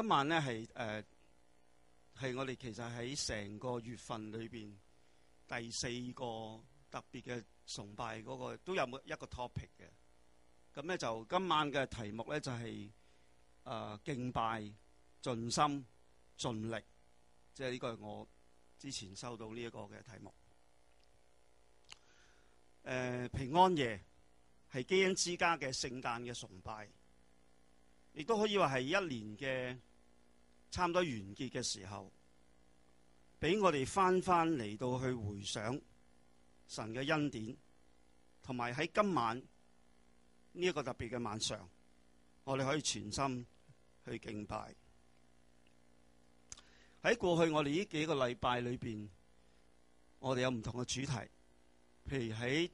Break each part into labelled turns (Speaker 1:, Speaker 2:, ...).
Speaker 1: 今晚咧係誒係我哋其實喺成個月份裏邊第四個特別嘅崇拜嗰、那個都有冇一個 topic 嘅咁咧，就今晚嘅題目咧就係、是、誒、呃、敬拜盡心盡力，即係呢個係我之前收到呢一個嘅題目誒、呃、平安夜係基恩之家嘅聖誕嘅崇拜，亦都可以話係一年嘅。差唔多完結嘅時候，俾我哋翻翻嚟到去回想神嘅恩典，同埋喺今晚呢一個特別嘅晚上，我哋可以全心去敬拜。喺過去我哋呢幾個禮拜裏邊，我哋有唔同嘅主題，譬如喺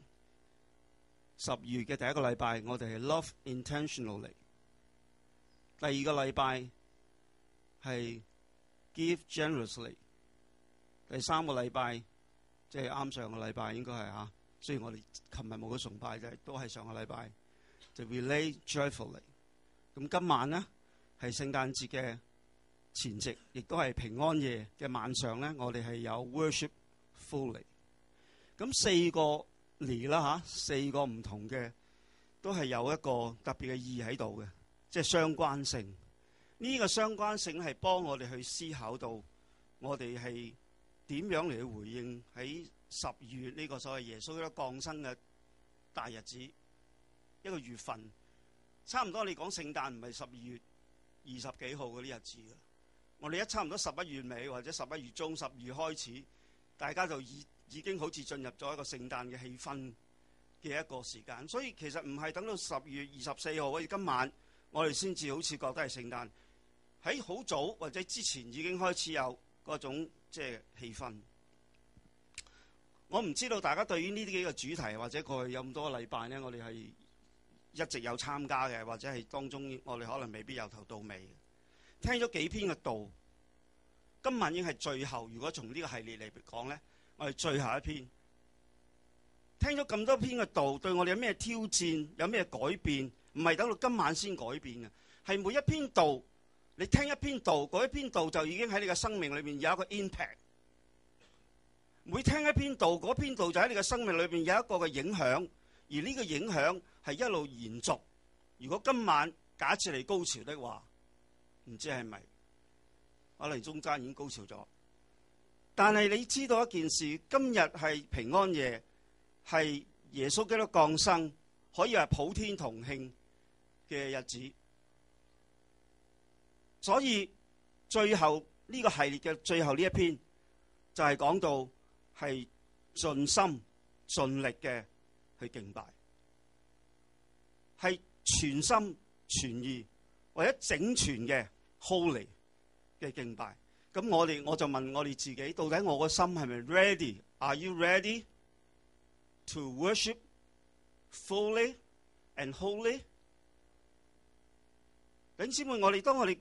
Speaker 1: 十二月嘅第一個禮拜，我哋係 Love Intentionally，第二個禮拜。係 give generously，第三個禮拜，即係啱上個禮拜應該係吓，雖然我哋琴日冇去崇拜，就係都係上個禮拜就 relate joyfully。咁今晚咧係聖誕節嘅前夕，亦都係平安夜嘅晚上咧，我哋係有 worship fully。咁四個 ly 啦吓，四個唔同嘅，都係有一個特別嘅意義喺度嘅，即係相關性。呢個相關性係幫我哋去思考到，我哋係點樣嚟去回應喺十二月呢個所謂耶穌咧降生嘅大日子一個月份，差唔多你講聖誕唔係十二月二十幾號嗰啲日子啦。我哋一差唔多十一月尾或者十一月中、十二月開始，大家就已已經好似進入咗一個聖誕嘅氣氛嘅一個時間。所以其實唔係等到十二月二十四號或者今晚，我哋先至好似覺得係聖誕。喺好早或者之前已經開始有各種即係氣氛。我唔知道大家對於呢啲幾個主題或者過去有咁多個禮拜呢，我哋係一直有參加嘅，或者係當中我哋可能未必由頭到尾聽咗幾篇嘅道。今晚已經係最後，如果從呢個系列嚟講呢，我哋最後一篇聽咗咁多篇嘅道，對我哋有咩挑戰，有咩改變？唔係等到今晚先改變嘅，係每一篇道。你聽一篇道，嗰一篇道就已經喺你嘅生命裏邊有一個 impact。每聽一篇道，嗰篇道就喺你嘅生命裏邊有一個嘅影響，而呢個影響係一路延續。如果今晚假設嚟高潮的話，唔知係咪？我嚟中間已經高潮咗。但係你知道一件事，今日係平安夜，係耶穌基督降生，可以話普天同慶嘅日子。所以最後呢、這個系列嘅最後呢一篇就係、是、講到係盡心盡力嘅去敬拜，係全心全意或者整全嘅 holy 嘅敬拜。咁我哋我就問我哋自己，到底我個心係咪 ready？Are you ready to worship fully and holy？弟兄姊妹，我哋當我哋。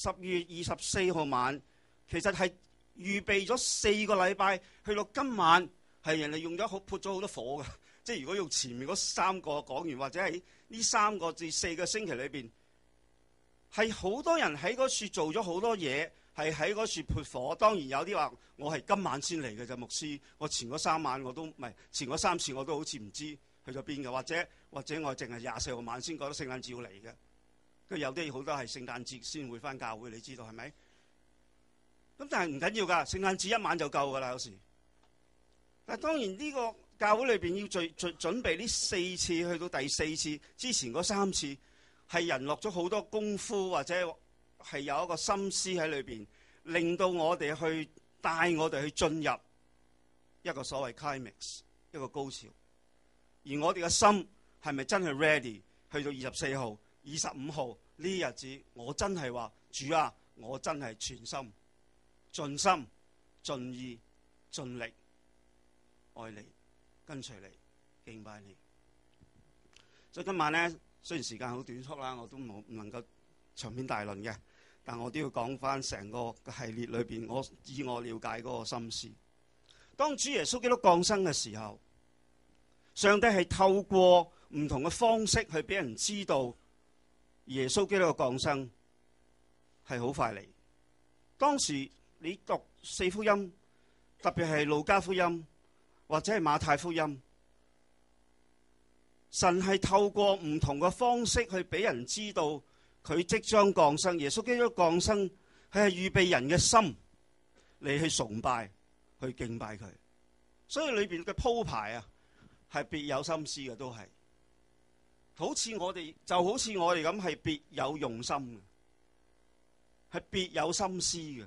Speaker 1: 十二月二十四號晚，其實係預備咗四個禮拜，去到今晚係人哋用咗好潑咗好多火㗎。即係如果用前面嗰三個講完，或者喺呢三個至四個星期裏邊，係好多人喺嗰處做咗好多嘢，係喺嗰處潑火。當然有啲話，我係今晚先嚟嘅啫，牧師。我前嗰三晚我都唔係前嗰三次我都好似唔知去咗邊㗎，或者或者我淨係廿四號晚先覺得聖誕照嚟嘅。佢有啲好多係聖誕節先會翻教會，你知道係咪？咁但係唔緊要噶，聖誕節一晚就夠噶啦。有時，但當然呢個教會裏邊要最最準備呢四次，去到第四次之前嗰三次係人落咗好多功夫，或者係有一個心思喺裏邊，令到我哋去帶我哋去進入一個所謂 climax，一個高潮。而我哋嘅心係咪真係 ready？去到二十四號。二十五號呢日子，我真係話主啊，我真係全心盡心盡意盡力愛你，跟隨你，敬拜你。所以今晚呢，雖然時間好短促啦，我都冇唔能夠長篇大論嘅，但我都要講翻成個系列裏邊我以我了解嗰個心思。當主耶穌基督降生嘅時候，上帝係透過唔同嘅方式去俾人知道。耶穌基督嘅降生係好快嚟。當時你讀四福音，特別係路加福音或者係馬太福音，神係透過唔同嘅方式去俾人知道佢即將降生。耶穌基督降生，佢係預備人嘅心，嚟去崇拜、去敬拜佢。所以裏邊嘅鋪排啊，係別有心思嘅，都係。好似我哋就好似我哋咁，係別有用心嘅，係別有心思嘅。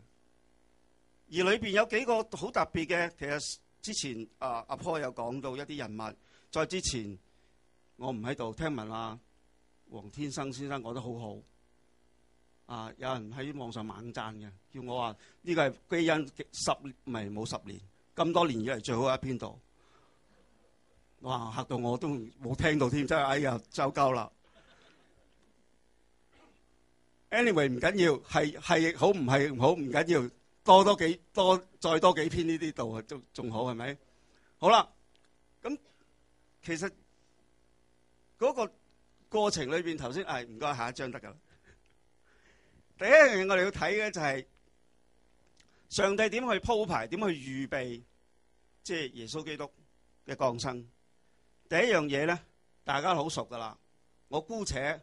Speaker 1: 而裏邊有幾個好特別嘅，其實之前啊阿 p 有講到一啲人物。再之前我唔喺度，聽聞啦，黃天生先生講得好好。啊，有人喺網上猛讚嘅，叫我話呢個係基因十咪冇十年咁多年以嚟最好一篇度。哇！嚇到我都冇聽到添，真係哎呀，走鳩啦！Anyway，唔緊要，係係好唔係唔好，唔緊要，多多幾多再多幾篇呢啲度啊，都仲好係咪？好啦，咁其實嗰個過程裏面，頭先係唔該下一章得㗎啦。第一樣嘢我哋要睇嘅就係上帝點去鋪排，點去預備，即係耶穌基督嘅降生。第一樣嘢咧，大家好熟噶啦。我姑且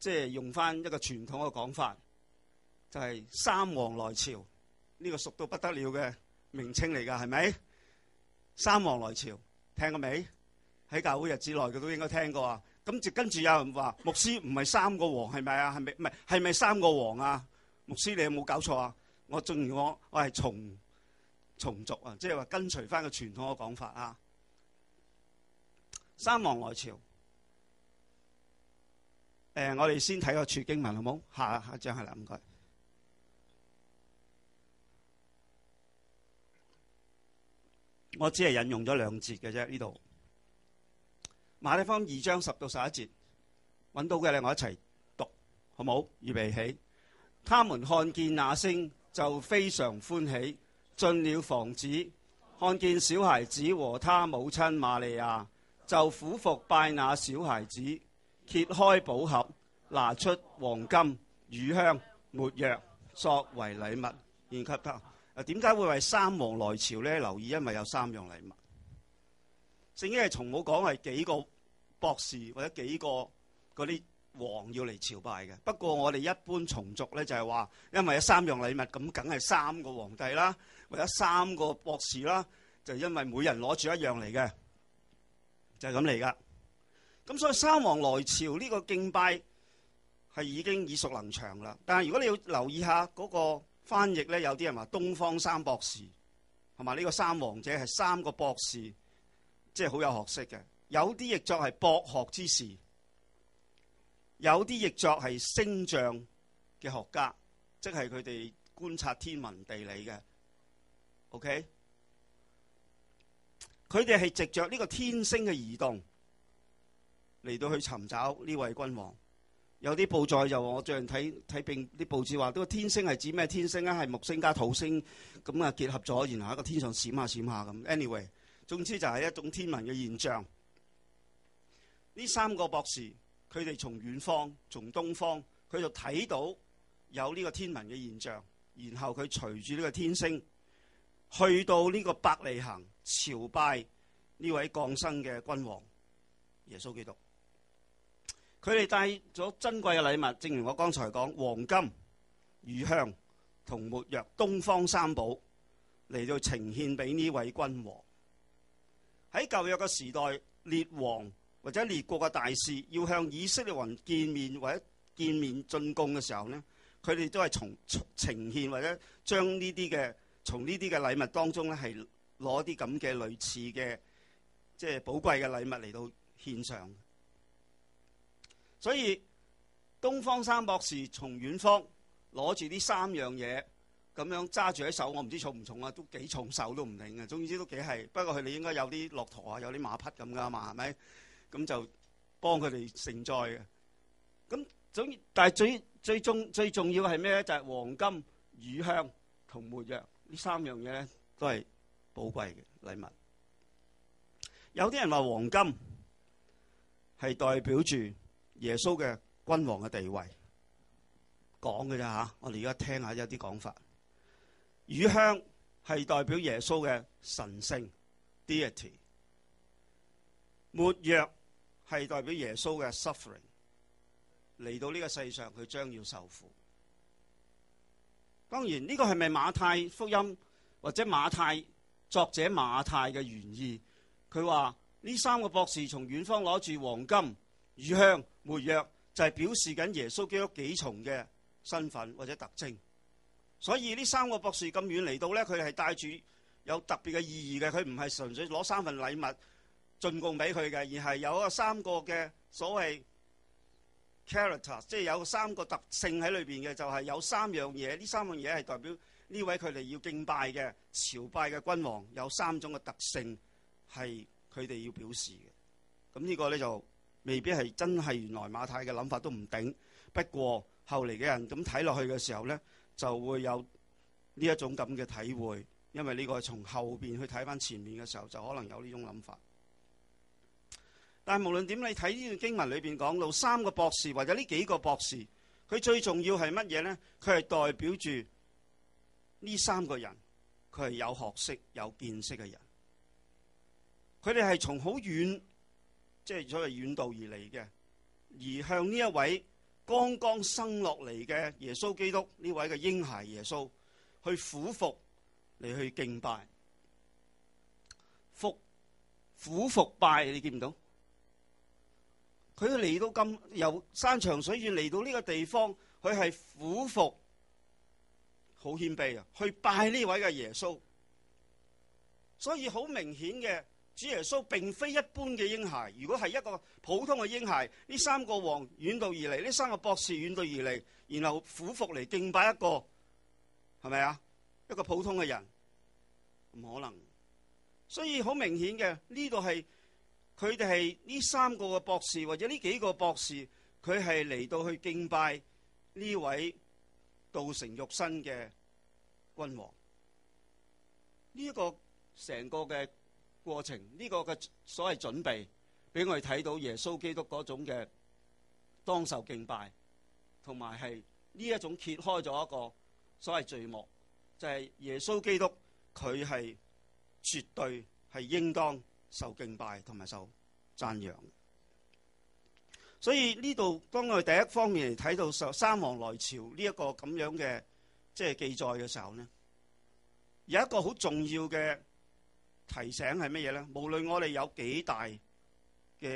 Speaker 1: 即係用翻一個傳統嘅講法，就係、是、三王來朝呢個熟到不得了嘅名稱嚟噶，係咪？三王來朝聽過未？喺教會日之內嘅都應該聽過啊。咁就跟住有人話牧師唔係三個王係咪啊？係咪唔係係咪三個王啊？牧師你有冇搞錯啊？我仲我我係從從俗啊，即係話跟隨翻個傳統嘅講法啊。三王來朝。呃、我哋先睇個處經文好冇好？下下張係啦，唔該。我只係引用咗兩節嘅啫。呢度馬利方二章十到十一節揾到嘅咧，我一齊讀好冇好？預備起，他們看見那星就非常歡喜，進了房子，看見小孩子和他母親瑪利亞。就俯伏拜那小孩子，揭開寶盒，拿出黃金、乳香、沒藥作為禮物，然後點解會為三王來朝咧？留意因，因為有三樣禮物。聖經係從冇講係幾個博士或者幾個嗰啲王要嚟朝拜嘅。不過我哋一般重續咧就係話，因為有三樣禮物，咁梗係三個皇帝啦，或者三個博士啦，就是、因為每人攞住一樣嚟嘅。就係咁嚟噶，咁所以三王來朝呢個敬拜係已經耳熟能詳啦。但係如果你要留意一下嗰個翻譯咧，有啲人話東方三博士，係咪呢個三王者係三個博士，即係好有學識嘅。有啲譯作係博學之士，有啲譯作係星象嘅學家，即係佢哋觀察天文地理嘅。OK。佢哋係藉着呢個天星嘅移動嚟到去尋找呢位君王。有啲報載就話：我最近睇睇並啲報紙話，呢、呢個天星係指咩天星啊？係木星加土星咁啊結合咗，然後喺個天上閃下閃下咁。Anyway，總之就係一種天文嘅現象。呢三個博士佢哋從遠方、從東方，佢就睇到有呢個天文嘅現象，然後佢隨住呢個天星去到呢個伯利恆。朝拜呢位降生嘅君王耶穌基督，佢哋帶咗珍貴嘅禮物，正如我剛才講，黃金、乳香同沒藥，東方三寶嚟到呈獻俾呢位君王。喺舊約嘅時代，列王或者列國嘅大使要向以色列人見面或者見面進貢嘅時候呢，佢哋都係從呈獻或者將呢啲嘅從呢啲嘅禮物當中呢係。攞啲咁嘅類似嘅，即係寶貴嘅禮物嚟到獻上。所以東方三博士從遠方攞住呢三樣嘢，咁樣揸住喺手，我唔知重唔重啊，都幾重，手都唔定嘅。總之都幾係。不過佢哋應該有啲駱駝啊，有啲馬匹咁噶嘛，係咪？咁就幫佢哋承載嘅。咁總，但係最最重最重要係咩咧？就係、是、黃金、乳香同沒藥呢三樣嘢咧，都係。寶貴嘅禮物，有啲人話黃金係代表住耶穌嘅君王嘅地位，講嘅啫吓，我哋而家聽下一啲講法。乳香係代表耶穌嘅神聖 （deity），沒藥係代表耶穌嘅 suffering，嚟到呢個世上佢將要受苦。當然呢個係咪馬太福音或者馬太？作者馬太嘅原意，佢話呢三個博士從遠方攞住黃金、乳香、沒藥，就係、是、表示緊耶穌基督幾重嘅身份或者特徵。所以呢三個博士咁遠嚟到咧，佢係帶住有特別嘅意義嘅，佢唔係純粹攞三份禮物進貢俾佢嘅，而係有一個三個嘅所謂 character，即係有三個特性喺裏邊嘅，就係、是、有三樣嘢，呢三樣嘢係代表。呢位佢哋要敬拜嘅朝拜嘅君王有三種嘅特性係佢哋要表示嘅。咁、這、呢個咧，就未必係真係原來馬太嘅諗法都唔頂。不過後嚟嘅人咁睇落去嘅時候咧，就會有呢一種咁嘅體會，因為呢個係從後邊去睇翻前面嘅時候，就可能有呢種諗法。但係無論點，你睇呢段經文裏邊講到三個博士或者呢幾個博士，佢最重要係乜嘢咧？佢係代表住。呢三個人，佢係有學識、有見識嘅人，佢哋係從好遠，即係所謂遠道而嚟嘅，而向呢一位剛剛生落嚟嘅耶穌基督呢位嘅嬰孩耶穌，去俯伏嚟去敬拜，俯俯伏拜，你見唔到？佢嚟到咁，由山長水遠嚟到呢個地方，佢係俯伏。好謙卑啊，去拜呢位嘅耶穌。所以好明顯嘅，主耶穌並非一般嘅嬰孩。如果係一個普通嘅嬰孩，呢三個王遠道而嚟，呢三個博士遠道而嚟，然後俯伏嚟敬拜一個，係咪啊？一個普通嘅人唔可能。所以好明顯嘅，呢度係佢哋係呢三個嘅博士，或者呢幾個博士，佢係嚟到去敬拜呢位道成肉身嘅君王，呢、這、一個成個嘅過程，呢、這個嘅所謂準備，俾我哋睇到耶穌基督嗰種嘅當受敬拜，同埋係呢一種揭開咗一個所謂序幕，就係、是、耶穌基督佢係絕對係應當受敬拜同埋受讚揚。所以呢度當我哋第一方面嚟睇到《三王來朝》呢一個咁樣嘅即係記載嘅時候咧，有一個好重要嘅提醒係乜嘢咧？無論我哋有幾大嘅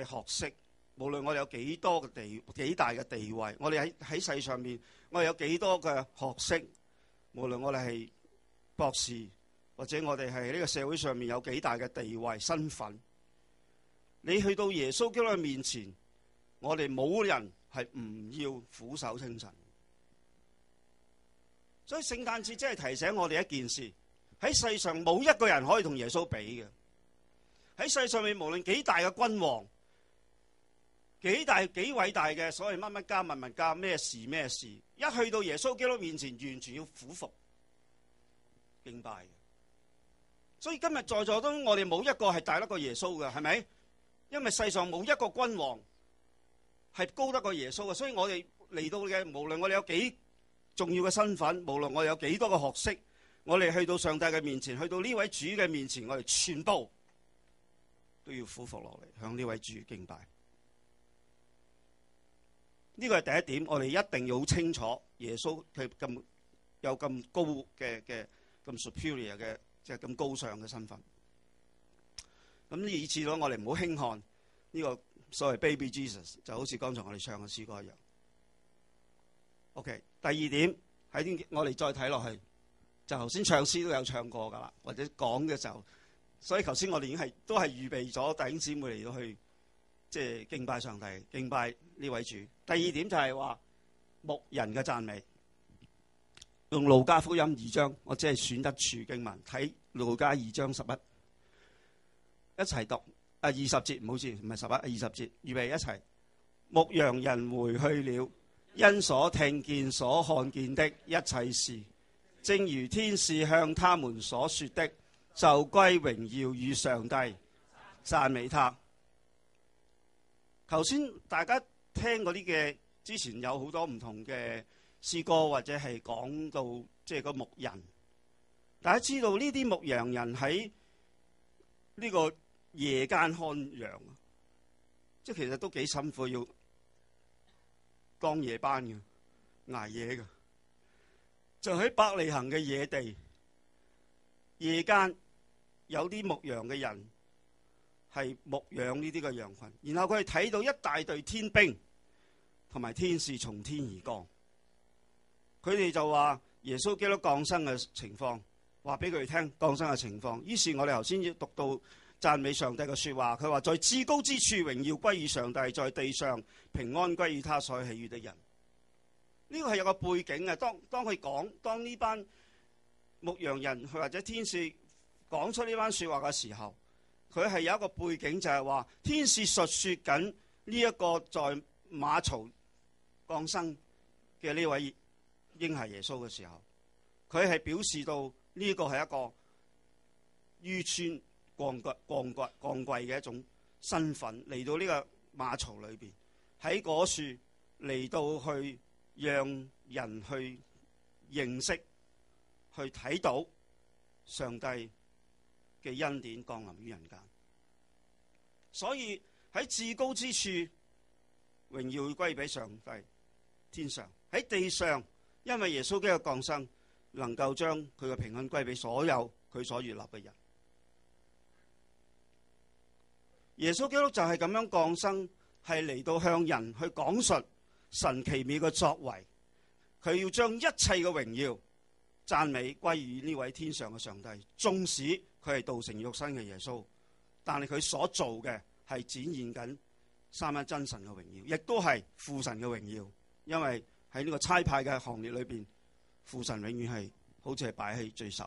Speaker 1: 學識，無論我哋有幾多嘅地幾大嘅地位，我哋喺喺世上面我哋有幾多嘅學識，無論我哋係博士或者我哋係呢個社會上面有幾大嘅地位身份，你去到耶穌基督面前。我哋冇人係唔要俯首稱臣，所以聖誕節即係提醒我哋一件事：喺世上冇一個人可以同耶穌比嘅。喺世上面，無論幾大嘅君王，幾大幾偉大嘅，所謂乜乜家物物家咩事咩事，一去到耶穌基督面前，完全要俯伏敬拜。所以今日在座都我哋冇一個係大得過耶穌嘅，係咪？因為世上冇一個君王，係高得過耶穌嘅，所以我哋嚟到嘅，無論我哋有幾重要嘅身份，無論我哋有幾多嘅學識，我哋去到上帝嘅面前，去到呢位主嘅面前，我哋全部都要俯伏落嚟，向呢位主敬拜。呢個係第一點，我哋一定要好清楚耶穌佢咁有咁高嘅嘅咁 superior 嘅，即係咁高尚嘅身份。咁以致咗，我哋唔好輕看呢個。所謂 Baby Jesus 就好似剛才我哋唱嘅詩歌一樣。OK，第二點，喺我哋再睇落去，就頭先唱詩都有唱過㗎啦，或者講嘅時候，所以頭先我哋已經係都係預備咗弟兄姊妹嚟到去，即係敬拜上帝、敬拜呢位主。第二點就係話牧人嘅讚美，用路加福音二章，我只係選得處經文睇路加二章十一，一齊讀。啊，二十節唔好意思，唔係十八，二十節，預備一齊。牧羊人回去了，因所聽見所看見的一切事，正如天使向他們所說的，就歸榮耀與上帝，讚美他。頭先大家聽嗰啲嘅，之前有好多唔同嘅詩歌或者係講到即係、就是、個牧人，大家知道呢啲牧羊人喺呢、這個。夜間看羊，即係其實都幾辛苦，要當夜班嘅，挨夜嘅。就喺伯利恆嘅野地，夜間有啲牧羊嘅人係牧羊呢啲嘅羊群，然後佢哋睇到一大隊天兵同埋天使從天而降，佢哋就話耶穌基督降生嘅情況，話俾佢哋聽降生嘅情況。於是我哋頭先要讀到。讚美上帝嘅説話，佢話：在至高之處榮耀歸於上帝，在地上平安歸於他所喜悅的人。呢個係有個背景嘅。當當佢講，當呢班牧羊人或者天使講出呢班説話嘅時候，佢係有一個背景就說，就係話天使述説緊呢一個在馬槽降生嘅呢位嬰孩耶穌嘅時候，佢係表示到呢個係一個預傳。降貴降貴降貴嘅一種身份嚟到呢個馬槽裏邊喺嗰處嚟到去讓人去認識去睇到上帝嘅恩典降臨於人間，所以喺至高之處榮耀會歸俾上帝天上喺地上。因為耶穌基督嘅降生能夠將佢嘅平安歸俾所有佢所設立嘅人。耶穌基督就係咁樣降生，係嚟到向人去講述神奇妙嘅作為，佢要將一切嘅榮耀讚美歸於呢位天上嘅上帝。縱使佢係道成肉身嘅耶穌，但係佢所做嘅係展現緊三一真神嘅榮耀，亦都係父神嘅榮耀。因為喺呢個差派嘅行列裏邊，父神永遠係好似係擺喺最首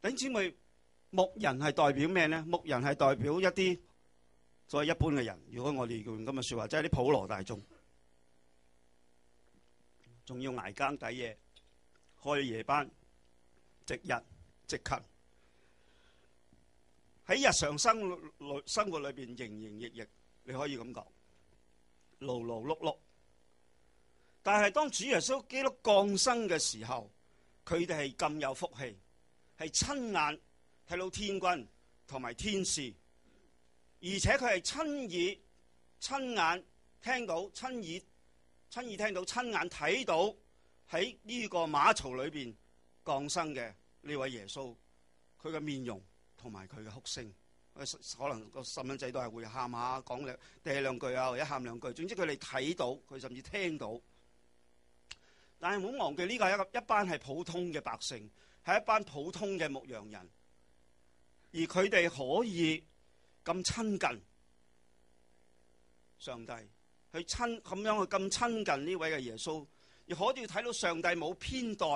Speaker 1: 嘅。弟兄姊妹。牧人係代表咩呢？牧人係代表一啲所謂一般嘅人。如果我哋用今日說話，即係啲普羅大眾，仲要挨更抵夜，開夜班，值日、值勤，喺日常生活裏邊營營役役，你可以咁講，勞勞碌碌。但係當主耶穌基督降生嘅時候，佢哋係咁有福氣，係親眼。睇到天君同埋天使，而且佢係親耳、親眼聽到、親耳、親耳聽到、親眼睇到喺呢個馬槽裏邊降生嘅呢位耶穌，佢嘅面容同埋佢嘅哭聲，可能個細蚊仔都係會喊下講兩嗲兩句啊，或者喊兩句，總之佢哋睇到佢甚至聽到，但係唔好忘記呢個係一個一班係普通嘅百姓，係一班普通嘅牧羊人。而佢哋可以咁親近上帝，去親咁樣去咁親近呢位嘅耶穌，亦可以睇到上帝冇偏待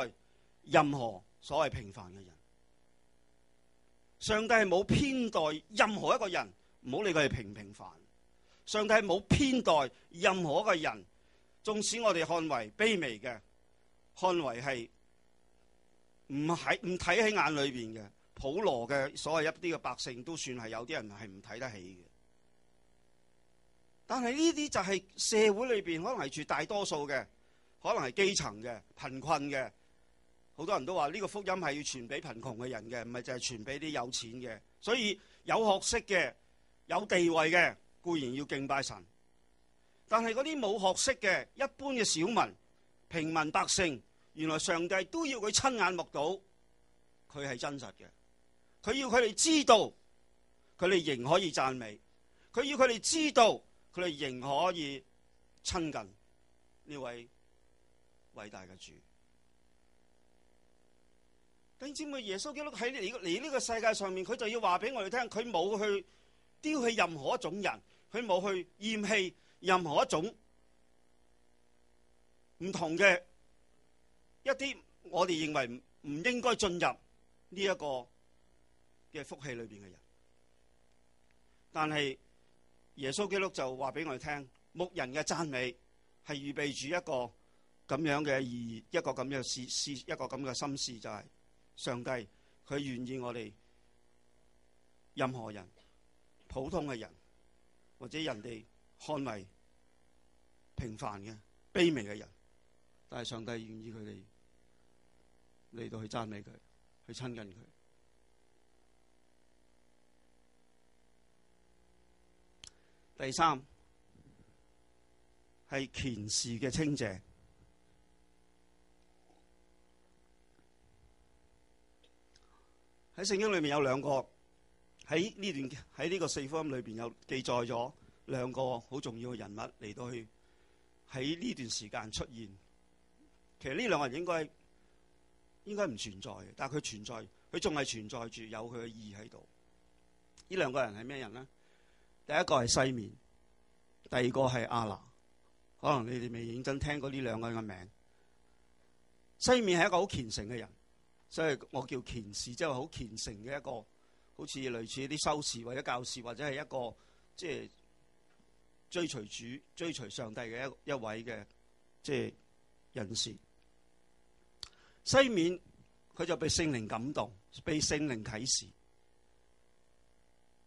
Speaker 1: 任何所謂平凡嘅人。上帝係冇偏待任何一個人，唔好理佢係平平凡。上帝係冇偏待任何一個人，縱使我哋看為卑微嘅，看為係唔喺唔睇喺眼裏邊嘅。普羅嘅所謂一啲嘅百姓都算係有啲人係唔睇得起嘅，但係呢啲就係社會裏面可能係住大多數嘅，可能係基層嘅貧困嘅，好多人都話呢個福音係要傳俾貧窮嘅人嘅，唔係淨係傳俾啲有錢嘅。所以有學識嘅、有地位嘅固然要敬拜神，但係嗰啲冇學識嘅、一般嘅小民平民百姓，原來上帝都要佢親眼目睹佢係真實嘅。佢要佢哋知道，佢哋仍可以讚美；佢要佢哋知道，佢哋仍可以親近呢位偉大嘅主。弟兄姊妹，耶穌基督喺你你呢個世界上面，佢就要話俾我哋聽，佢冇去丟棄任何一種人，佢冇去嫌棄任何一種唔同嘅一啲我哋認為唔應該進入呢一個。嘅福氣裏邊嘅人，但係耶穌基督就話俾我哋聽，牧人嘅讚美係預備住一個咁樣嘅意義，一個咁樣嘅事，一個咁嘅心思就係、是、上帝，佢願意我哋任何人普通嘅人，或者人哋看為平凡嘅、卑微嘅人，但係上帝願意佢哋嚟到去讚美佢，去親近佢。第三係前世嘅清者。喺聖經裏面有兩個喺呢段喺呢個四福音裏邊有記載咗兩個好重要嘅人物嚟到去喺呢段時間出現，其實呢兩個人應該應該唔存，存在，但係佢存在，他在，佢仲係存在住有佢嘅意義喺度。呢兩個人係咩人呢？第一個係西面，第二個係阿拿，可能你哋未認真聽過呢兩個人嘅名。西面係一個好虔誠嘅人，即係我叫虔士，即係好虔誠嘅一個，好似類似啲修士或者教士或者係一個即係、就是、追隨主、追隨上帝嘅一一位嘅即係人士。西面佢就被聖靈感動，被聖靈啟示。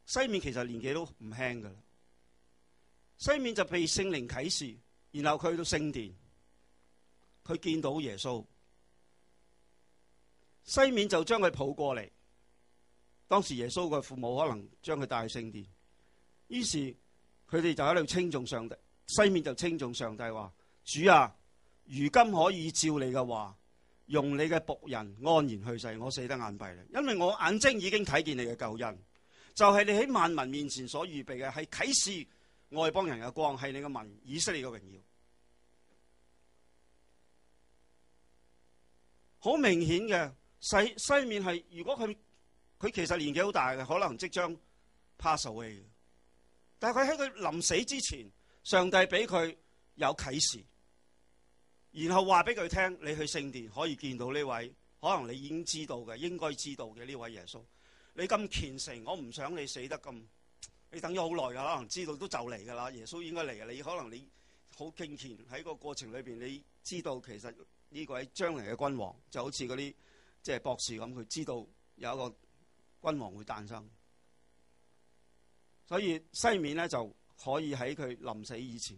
Speaker 1: 西面其實年紀都唔輕噶啦，西面就被聖靈啟示，然後佢去到聖殿，佢見到耶穌，西面就將佢抱過嚟。當時耶穌嘅父母可能將佢帶去聖殿，於是佢哋就喺度稱頌上帝。西面就稱頌上帝話：主啊，如今可以照你嘅話，用你嘅僕人安然去世，我死得眼閉啦，因為我眼睛已經睇見你嘅救恩。就係、是、你喺萬民面前所預備嘅，係啟示外邦人嘅光，係你嘅民以色列嘅榮耀。好明顯嘅，西面係如果佢佢其實年紀好大嘅，可能即將 pass away。但係佢喺佢臨死之前，上帝俾佢有啟示，然後話俾佢聽，你去聖殿可以見到呢位，可能你已經知道嘅，應該知道嘅呢位耶穌。你咁虔誠，我唔想你死得咁。你等咗好耐噶啦，可能知道都就嚟噶啦。耶穌應該嚟嘅，你可能你好敬虔，喺個過程裏邊，你知道其實呢個係將嚟嘅君王，就好似嗰啲即係博士咁，佢知道有一個君王會誕生。所以西面咧就可以喺佢臨死以前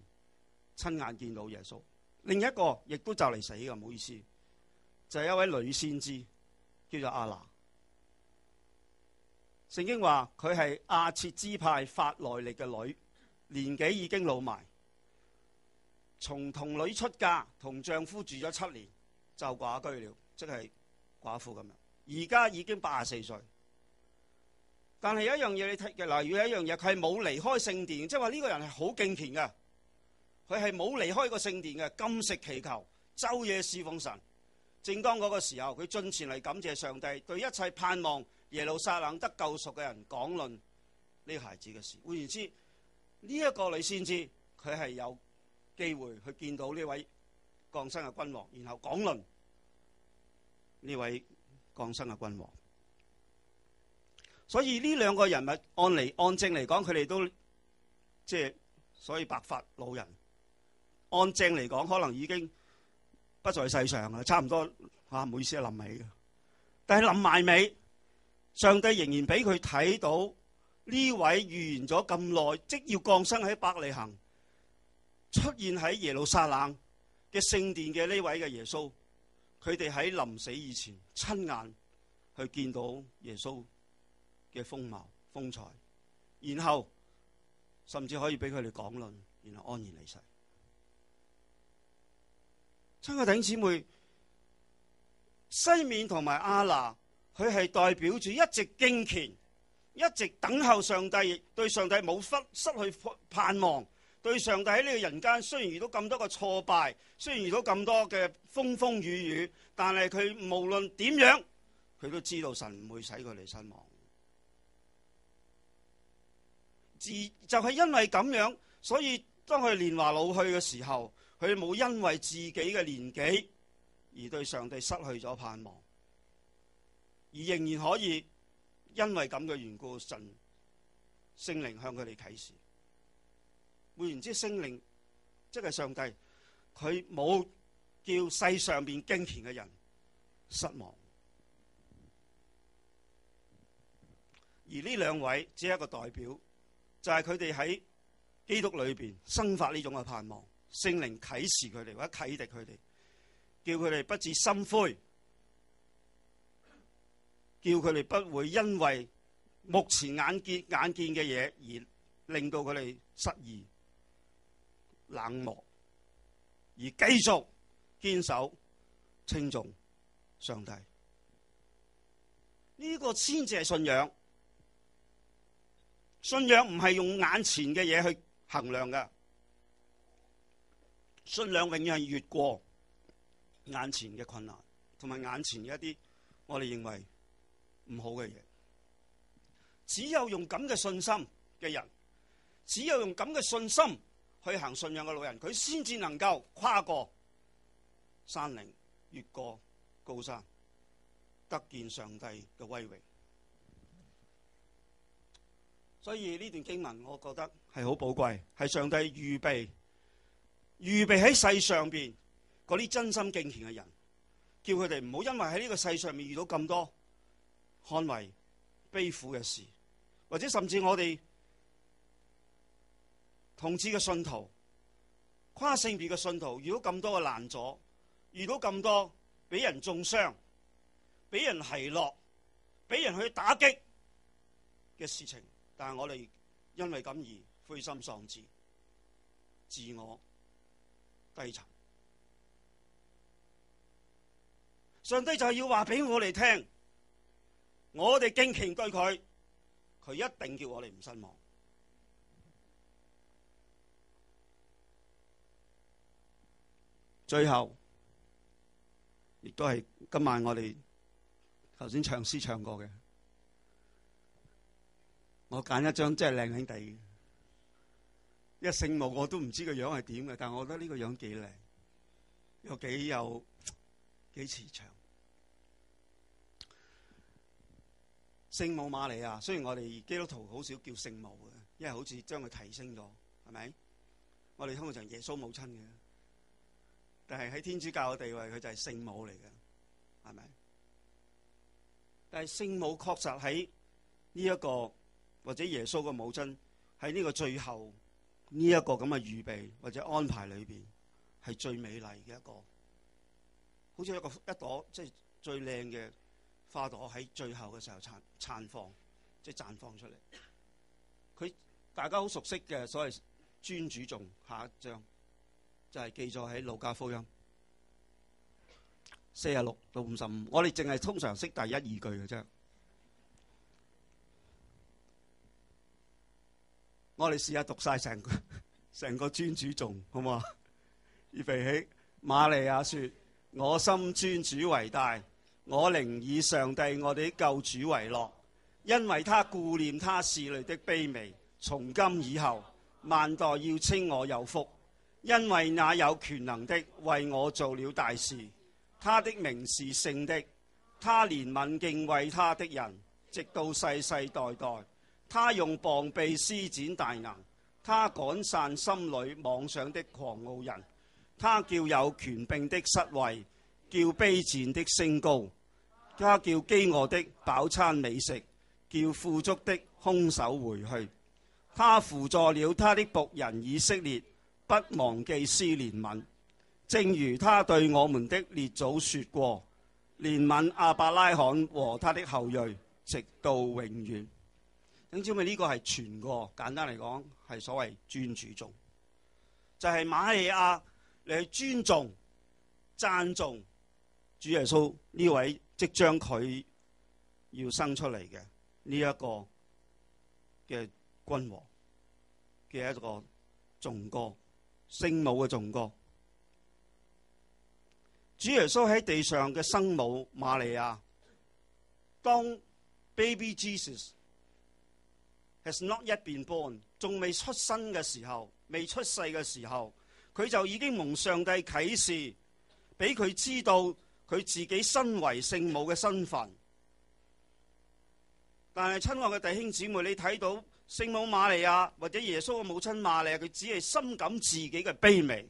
Speaker 1: 親眼見到耶穌，另一個亦都就嚟死噶，唔好意思，就係一位女先知叫做亞拿。聖經話佢係亞設支派法內力嘅女，年紀已經老邁。從同女出嫁，同丈夫住咗七年，就寡居了，即係寡婦咁樣。而家已經八十四歲，但係有一樣嘢你睇嘅，例如一有一樣嘢，佢係冇離開聖殿，即係話呢個人係好敬虔嘅，佢係冇離開個聖殿嘅，禁食祈求，晝夜侍奉神。正當嗰個時候，佢進前嚟感謝上帝，對一切盼望耶路撒冷得救贖嘅人講論呢孩子嘅事，換言之，呢一個女先知佢係有機會去見到呢位降生嘅君王，然後講論呢位降生嘅君王。所以呢兩個人物按嚟按正嚟講，佢哋都即係所以白髮老人。按正嚟講，可能已經不在世上啦，差唔多吓，唔好意思，臨尾嘅，但係臨埋尾。上帝仍然俾佢睇到呢位預言咗咁耐，即要降生喺伯利恆、出現喺耶路撒冷嘅聖殿嘅呢位嘅耶穌，佢哋喺臨死以前親眼去見到耶穌嘅風貌風采，然後甚至可以俾佢哋講論，然後安然離世。親個頂姊妹，西面同埋亞拿，佢係代表住一直敬虔，一直等候上帝，對上帝冇失失去盼望。對上帝喺呢個人間，雖然遇到咁多嘅挫敗，雖然遇到咁多嘅風風雨雨，但係佢無論點樣，佢都知道神唔會使佢哋失望。自就係因為咁樣，所以當佢年華老去嘅時候，佢冇因為自己嘅年紀而對上帝失去咗盼望。而仍然可以，因為咁嘅緣故，神聖靈向佢哋啟示，換言之，聖靈即係上帝，佢冇叫世上邊敬虔嘅人失望。而呢兩位只係一個代表，就係佢哋喺基督裏邊生發呢種嘅盼望，聖靈啟示佢哋或者啟迪佢哋，叫佢哋不致心灰。叫佢哋不會因為目前眼見眼見嘅嘢而令到佢哋失意、冷漠，而繼續堅守、稱重上帝呢個先至係信仰。信仰唔係用眼前嘅嘢去衡量㗎，信仰永遠係越過眼前嘅困難同埋眼前嘅一啲我哋認為。唔好嘅嘢，只有用咁嘅信心嘅人，只有用咁嘅信心去行信仰嘅老人，佢先至能夠跨過山嶺、越過高山，得見上帝嘅威榮。所以呢段經文，我覺得係好寶貴，係上帝預備預備喺世上邊嗰啲真心敬虔嘅人，叫佢哋唔好因為喺呢個世上面遇到咁多。捍衛悲苦嘅事，或者甚至我哋同志嘅信徒，跨性別嘅信徒，遇到咁多嘅難阻，遇到咁多俾人中傷、俾人奚落、俾人去打擊嘅事情，但係我哋因為咁而灰心喪志、自我低沉，上帝就係要話俾我哋聽。我哋敬虔對佢，佢一定叫我哋唔失望。最後，亦都係今晚我哋頭先唱詩唱過嘅。我揀一張真係靚兄弟，因為聖母我都唔知個樣係點嘅，但我覺得呢個樣幾靚，又挺有幾有幾慈祥。聖母瑪利亞，雖然我哋基督徒好少叫聖母嘅，因為好似將佢提升咗，係咪？我哋通常耶穌母親嘅，但係喺天主教嘅地位，佢就係聖母嚟嘅，係咪？但係聖母確實喺呢一個或者耶穌嘅母親喺呢個最後呢一個咁嘅預備或者安排裏邊係最美麗嘅一個，好似一個一朵即係最靚嘅。花朵喺最後嘅時候綻綻放，即係綻放出嚟。佢大家好熟悉嘅所謂尊主頌，下一章就係、是、記載喺《路加福音》四十六到五十五。我哋淨係通常識第一二句嘅啫。我哋試下讀晒成個成個尊主頌，好唔好啊？預備馬利亞説：我心尊主為大。我靈以上帝我的救主為樂，因為他顧念他事類的卑微。從今以後，萬代要稱我有福，因為那有權能的為我做了大事。他的名是聖的，他憐憫敬畏他的人，直到世世代代。他用膀臂施展大能，他趕散心裡妄想的狂傲人，他叫有權柄的失位。叫卑賤的升高，他叫飢餓的飽餐美食，叫富足的空手回去。他扶助了他的僕人以色列，不忘記施憐憫，正如他對我們的列祖說過：憐憫亞伯拉罕和他的後裔，直到永遠。咁只咪呢個係全過？簡單嚟講，係所謂尊主頌，就係、是、馬利亞嚟尊重、讚頌。主耶穌呢位即將佢要生出嚟嘅呢一個嘅君王，嘅一個頌歌，聖母嘅頌歌。主耶穌喺地上嘅生母瑪利亞，當 Baby Jesus has not yet been born，仲未出生嘅時候，未出世嘅時候，佢就已經蒙上帝啟示，俾佢知道。佢自己身為聖母嘅身份，但係親愛嘅弟兄姊妹，你看，你睇到聖母瑪利亞或者耶穌嘅母親瑪利亞，佢只係深感自己嘅卑微，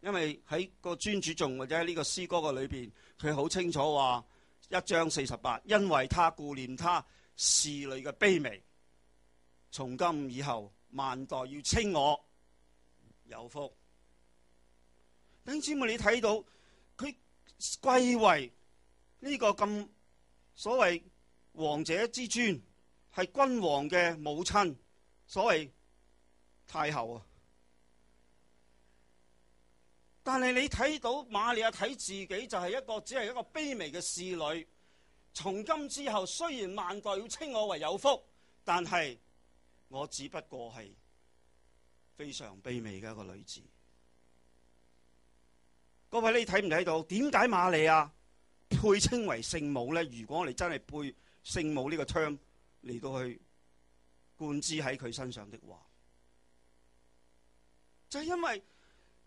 Speaker 1: 因為喺個尊主頌或者喺呢個詩歌嘅裏邊，佢好清楚話一章四十八，因為他顧念他侍女嘅卑微，從今以後萬代要稱我有福。弟兄姊妹，你睇到。貴為呢個咁所謂王者之尊，係君王嘅母親，所謂太后啊。但係你睇到瑪利亞睇自己就係一個只係一個卑微嘅侍女。從今之後，雖然萬代要稱我為有福，但係我只不過係非常卑微嘅一個女子。各位你睇唔睇到？點解瑪利亞配稱為聖母咧？如果我哋真係背聖母呢個 term 嚟到去貫之喺佢身上的話，就係因為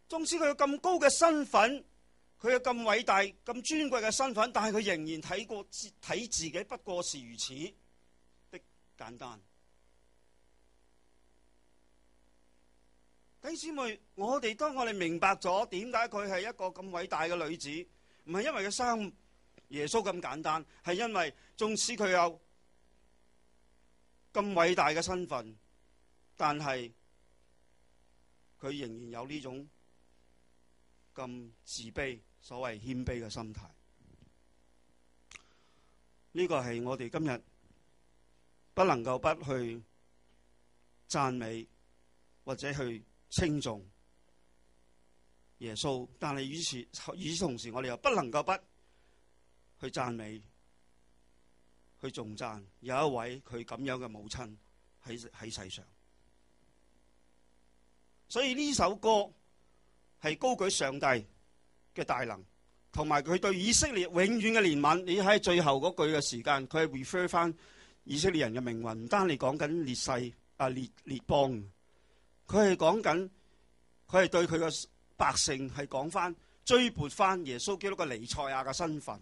Speaker 1: 縱使佢有咁高嘅身份，佢有咁偉大、咁尊貴嘅身份，但係佢仍然睇過、睇自己不過是如此的簡單。弟兄姊妹，我哋當我哋明白咗點解佢係一個咁偉大嘅女子，唔係因為佢生耶穌咁簡單，係因為縱使佢有咁偉大嘅身份，但係佢仍然有呢種咁自卑、所謂謙卑嘅心態。呢、呢個係我哋今日不能夠不去讚美或者去。稱頌耶穌，但係與此，與此同時，我哋又不能夠不去讚美，去頌讚有一位佢咁樣嘅母親喺喺世上。所以呢首歌係高舉上帝嘅大能，同埋佢對以色列永遠嘅憐憫。你喺最後嗰句嘅時間，佢係 refer 翻以色列人嘅命運，唔單係講緊列世啊列列邦。佢係講緊，佢係對佢個百姓係講翻追撥翻耶穌基督嘅彌賽亞嘅身份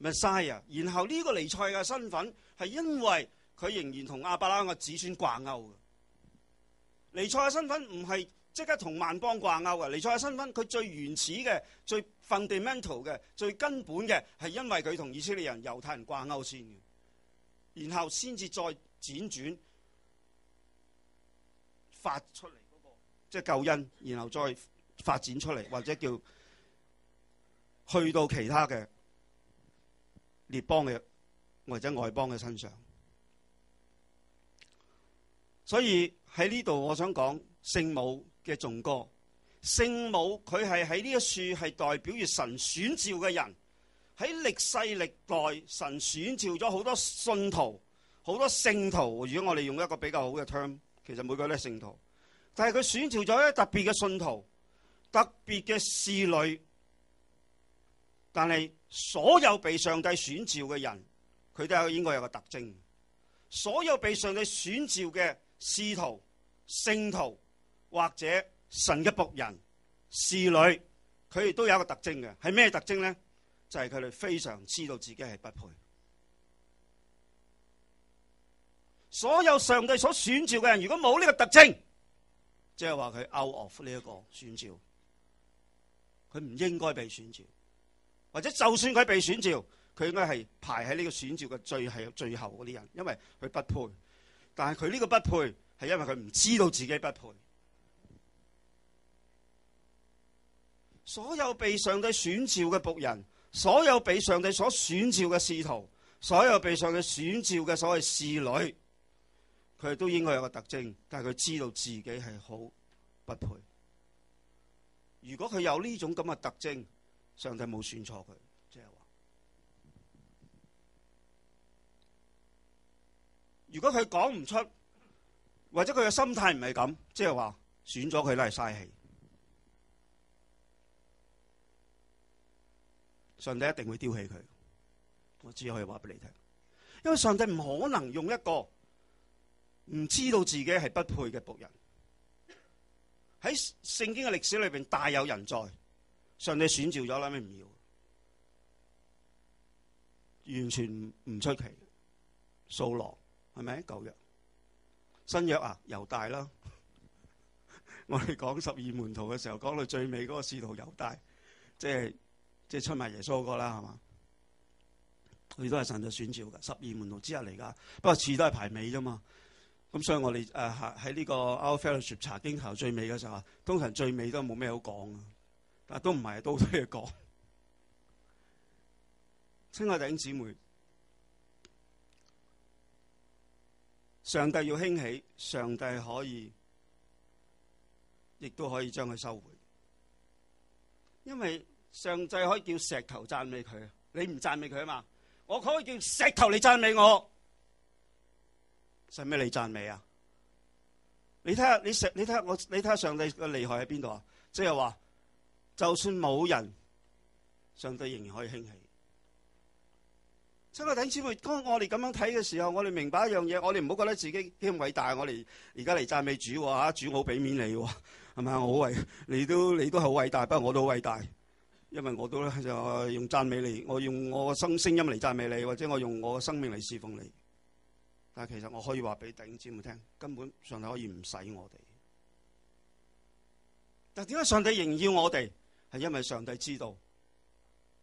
Speaker 1: ，Messiah！然後呢個彌賽嘅身份係因為佢仍然同亞伯拉罕嘅子孫掛鈎嘅，彌賽嘅身份唔係即刻同萬邦掛鈎嘅，彌賽嘅身份佢最原始嘅、最 fundamental 嘅、最根本嘅係因為佢同以色列人、猶太人掛鈎先嘅，然後先至再輾轉。發出嚟嗰、那個，即、就是、救恩，然後再發展出嚟，或者叫去到其他嘅列邦嘅或者外邦嘅身上。所以喺呢度，我想講聖母嘅頌歌。聖母佢係喺呢一處，係代表住神選召嘅人。喺歷世歷代，神選召咗好多信徒，好多聖徒。如果我哋用一個比較好嘅 term。其實每個都係聖徒，但係佢選召咗一特別嘅信徒，特別嘅侍女。但係所有被上帝選召嘅人，佢都有應該有個特徵。所有被上帝選召嘅侍徒、聖徒或者神嘅僕人、侍女，佢哋都有一個特徵嘅，係咩特徵咧？就係佢哋非常知道自己係不配。所有上帝所選召嘅人，如果冇呢個特徵，即係話佢 out of 呢一個選召，佢唔應該被選召，或者就算佢被選召，佢應該係排喺呢個選召嘅最係最後嗰啲人，因為佢不配。但係佢呢個不配，係因為佢唔知道自己不配。所有被上帝選召嘅僕人，所有被上帝所選召嘅使徒，所有被上帝選召嘅所謂侍女。佢都應該有個特徵，但係佢知道自己係好不配。如果佢有呢種咁嘅特徵，上帝冇選錯佢，即係話。如果佢講唔出，或者佢嘅心態唔係咁，即係話，選咗佢都係嘥氣。上帝一定會丟棄佢，我只可以話俾你聽，因為上帝唔可能用一個。唔知道自己係不配嘅僕人，喺聖經嘅歷史裏邊大有人在，上帝選召咗啦，咩唔要？完全唔出奇的。掃羅係咪舊約？新約啊，猶大啦。 我哋講十二門徒嘅時候，講到最尾嗰個使徒猶大，即係即係出賣耶穌嗰個啦，係嘛？佢都係神就選召嘅十二門徒之一嚟噶，不過次都係排尾啫嘛。咁所以我哋誒喺喺呢個 Our Fellowship 茶經後最尾嘅時候，通常最尾都冇咩好講，但都唔係都推嘅嘢講。親愛弟兄姊妹，上帝要興起，上帝可以，亦都可以將佢收回，因為上帝可以叫石頭讚美佢，你唔讚美佢啊嘛，我可以叫石頭你讚美我。使咩你讚美啊？你睇下你上你睇下我，你睇下上帝嘅厲害喺邊度啊？即係話，就算冇人，上帝仍然可以興起。弟兄姐妹，當我哋咁樣睇嘅時候，我哋明白一樣嘢。我哋唔好覺得自己幾咁偉大。我哋而家嚟讚美主，吓，主好俾面你，係咪我好偉，你都你都好偉大，不過我都好偉大，因為我都就用讚美你，我用我嘅聲聲音嚟讚美你，或者我用我嘅生命嚟侍奉你。但其實我可以話俾弟兄姊妹聽，根本上帝可以唔使我哋。但係點解上帝仍要我哋？係因為上帝知道，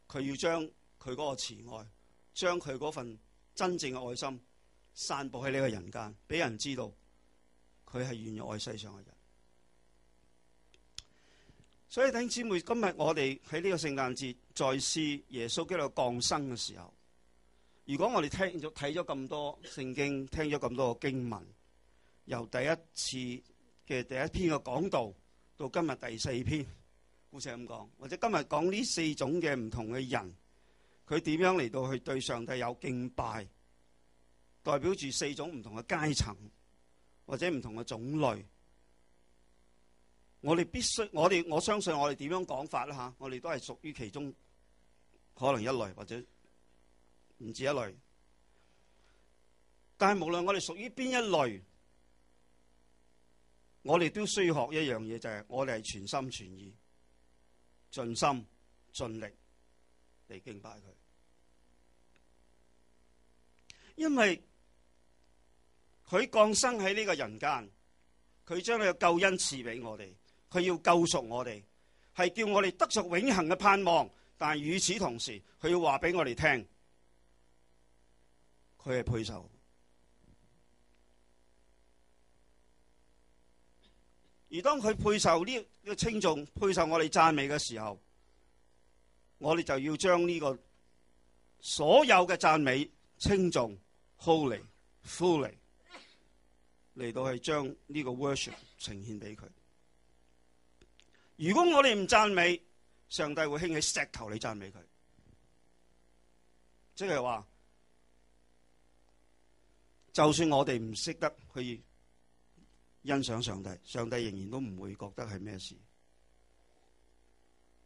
Speaker 1: 佢要將佢嗰個慈愛，將佢嗰份真正嘅愛心，散播喺呢個人間，俾人知道佢係願意愛世上嘅人。所以弟兄姊妹，今日我哋喺呢個聖誕節，再思耶穌基督降生嘅時候。如果我哋聽咗睇咗咁多聖經，聽咗咁多嘅經文，由第一次嘅第一篇嘅講道到今日第四篇故事咁講，或者今日講呢四種嘅唔同嘅人，佢點樣嚟到去對上帝有敬拜，代表住四種唔同嘅階層或者唔同嘅種類，我哋必須我哋我相信我哋點樣講法啦吓，我哋都係屬於其中可能一類或者。唔止一類，但係無論我哋屬於邊一類，我哋都需要學一樣嘢，就係、是、我哋係全心全意、盡心盡力嚟敬拜佢。因為佢降生喺呢個人間，佢將佢嘅救恩賜俾我哋，佢要救贖我哋，係叫我哋得着永恆嘅盼望。但與此同時，佢要話俾我哋聽。佢係配受，而當佢配受呢個稱頌，配受我哋讚美嘅時候，我哋就要將呢個所有嘅讚美稱頌 holy, fully 嚟，到去將呢個 worship 呈獻俾佢。如果我哋唔讚美，上帝會興起石頭嚟讚美佢，即係話。就算我哋唔識得去欣賞上帝，上帝仍然都唔會覺得係咩事，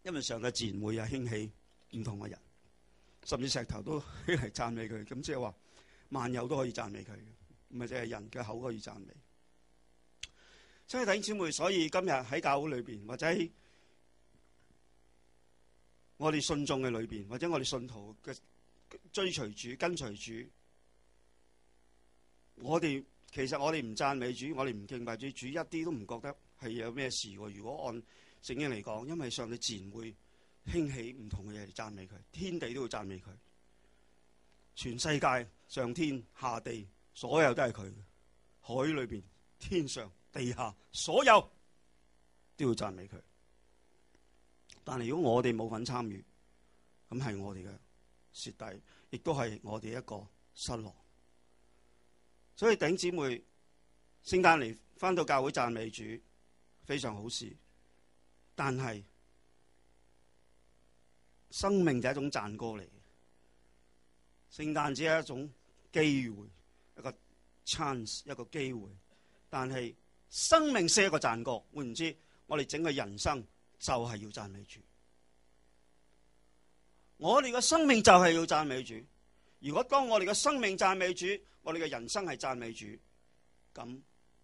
Speaker 1: 因為上帝自然會有興起唔同嘅人，甚至石頭都起嚟讚美佢，咁即係話萬有都可以讚美佢，唔係淨係人嘅口可以讚美。所以弟兄姊妹，所以今日喺教會裏邊或者我哋信眾嘅裏邊，或者我哋信徒嘅追隨主、跟隨主。我哋其實我哋唔讚美主，我哋唔敬拜主，主一啲都唔覺得係有咩事。如果按聖經嚟講，因為上帝自然會興起唔同嘅嘢嚟讚美佢，天地都會讚美佢，全世界上天下地所有都係佢，海裏邊天上地下所有都要讚美佢。但係如果我哋冇份參與，咁係我哋嘅蝕底，亦都係我哋一個失落。所以頂姊妹，聖誕嚟，返到教會讚美主，非常好事。但係生命就係一種讚歌嚟嘅。聖誕只係一種機會，一個 chance，一個機會。但係生命是一個讚歌，換言之，我哋整個人生就係要讚美主。我哋嘅生命就係要讚美主。如果當我哋嘅生命讚美主，我哋嘅人生係讚美主，咁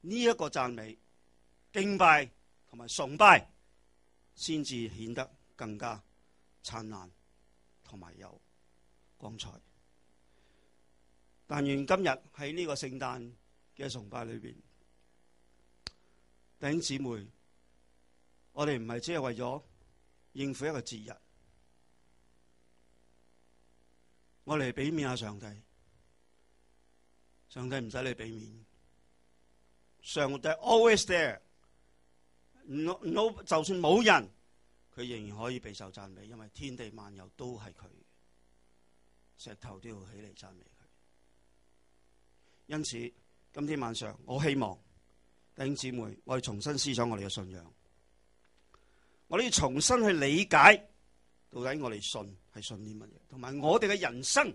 Speaker 1: 呢一個讚美、敬拜同埋崇拜，先至顯得更加燦爛同埋有光彩。但願今日喺呢個聖誕嘅崇拜裏邊，弟兄姊妹，我哋唔係只係為咗應付一個節日。我嚟俾面下上帝，上帝唔使你俾面，上帝 always there，唔、no, 唔、no, 就算冇人，佢仍然可以備受讚美，因為天地萬有都係佢，石頭都要起嚟讚美佢。因此，今天晚上我希望弟兄姊妹，我哋重新思想我哋嘅信仰，我哋要重新去理解到底我哋信。係信啲乜嘢？同埋我哋嘅人生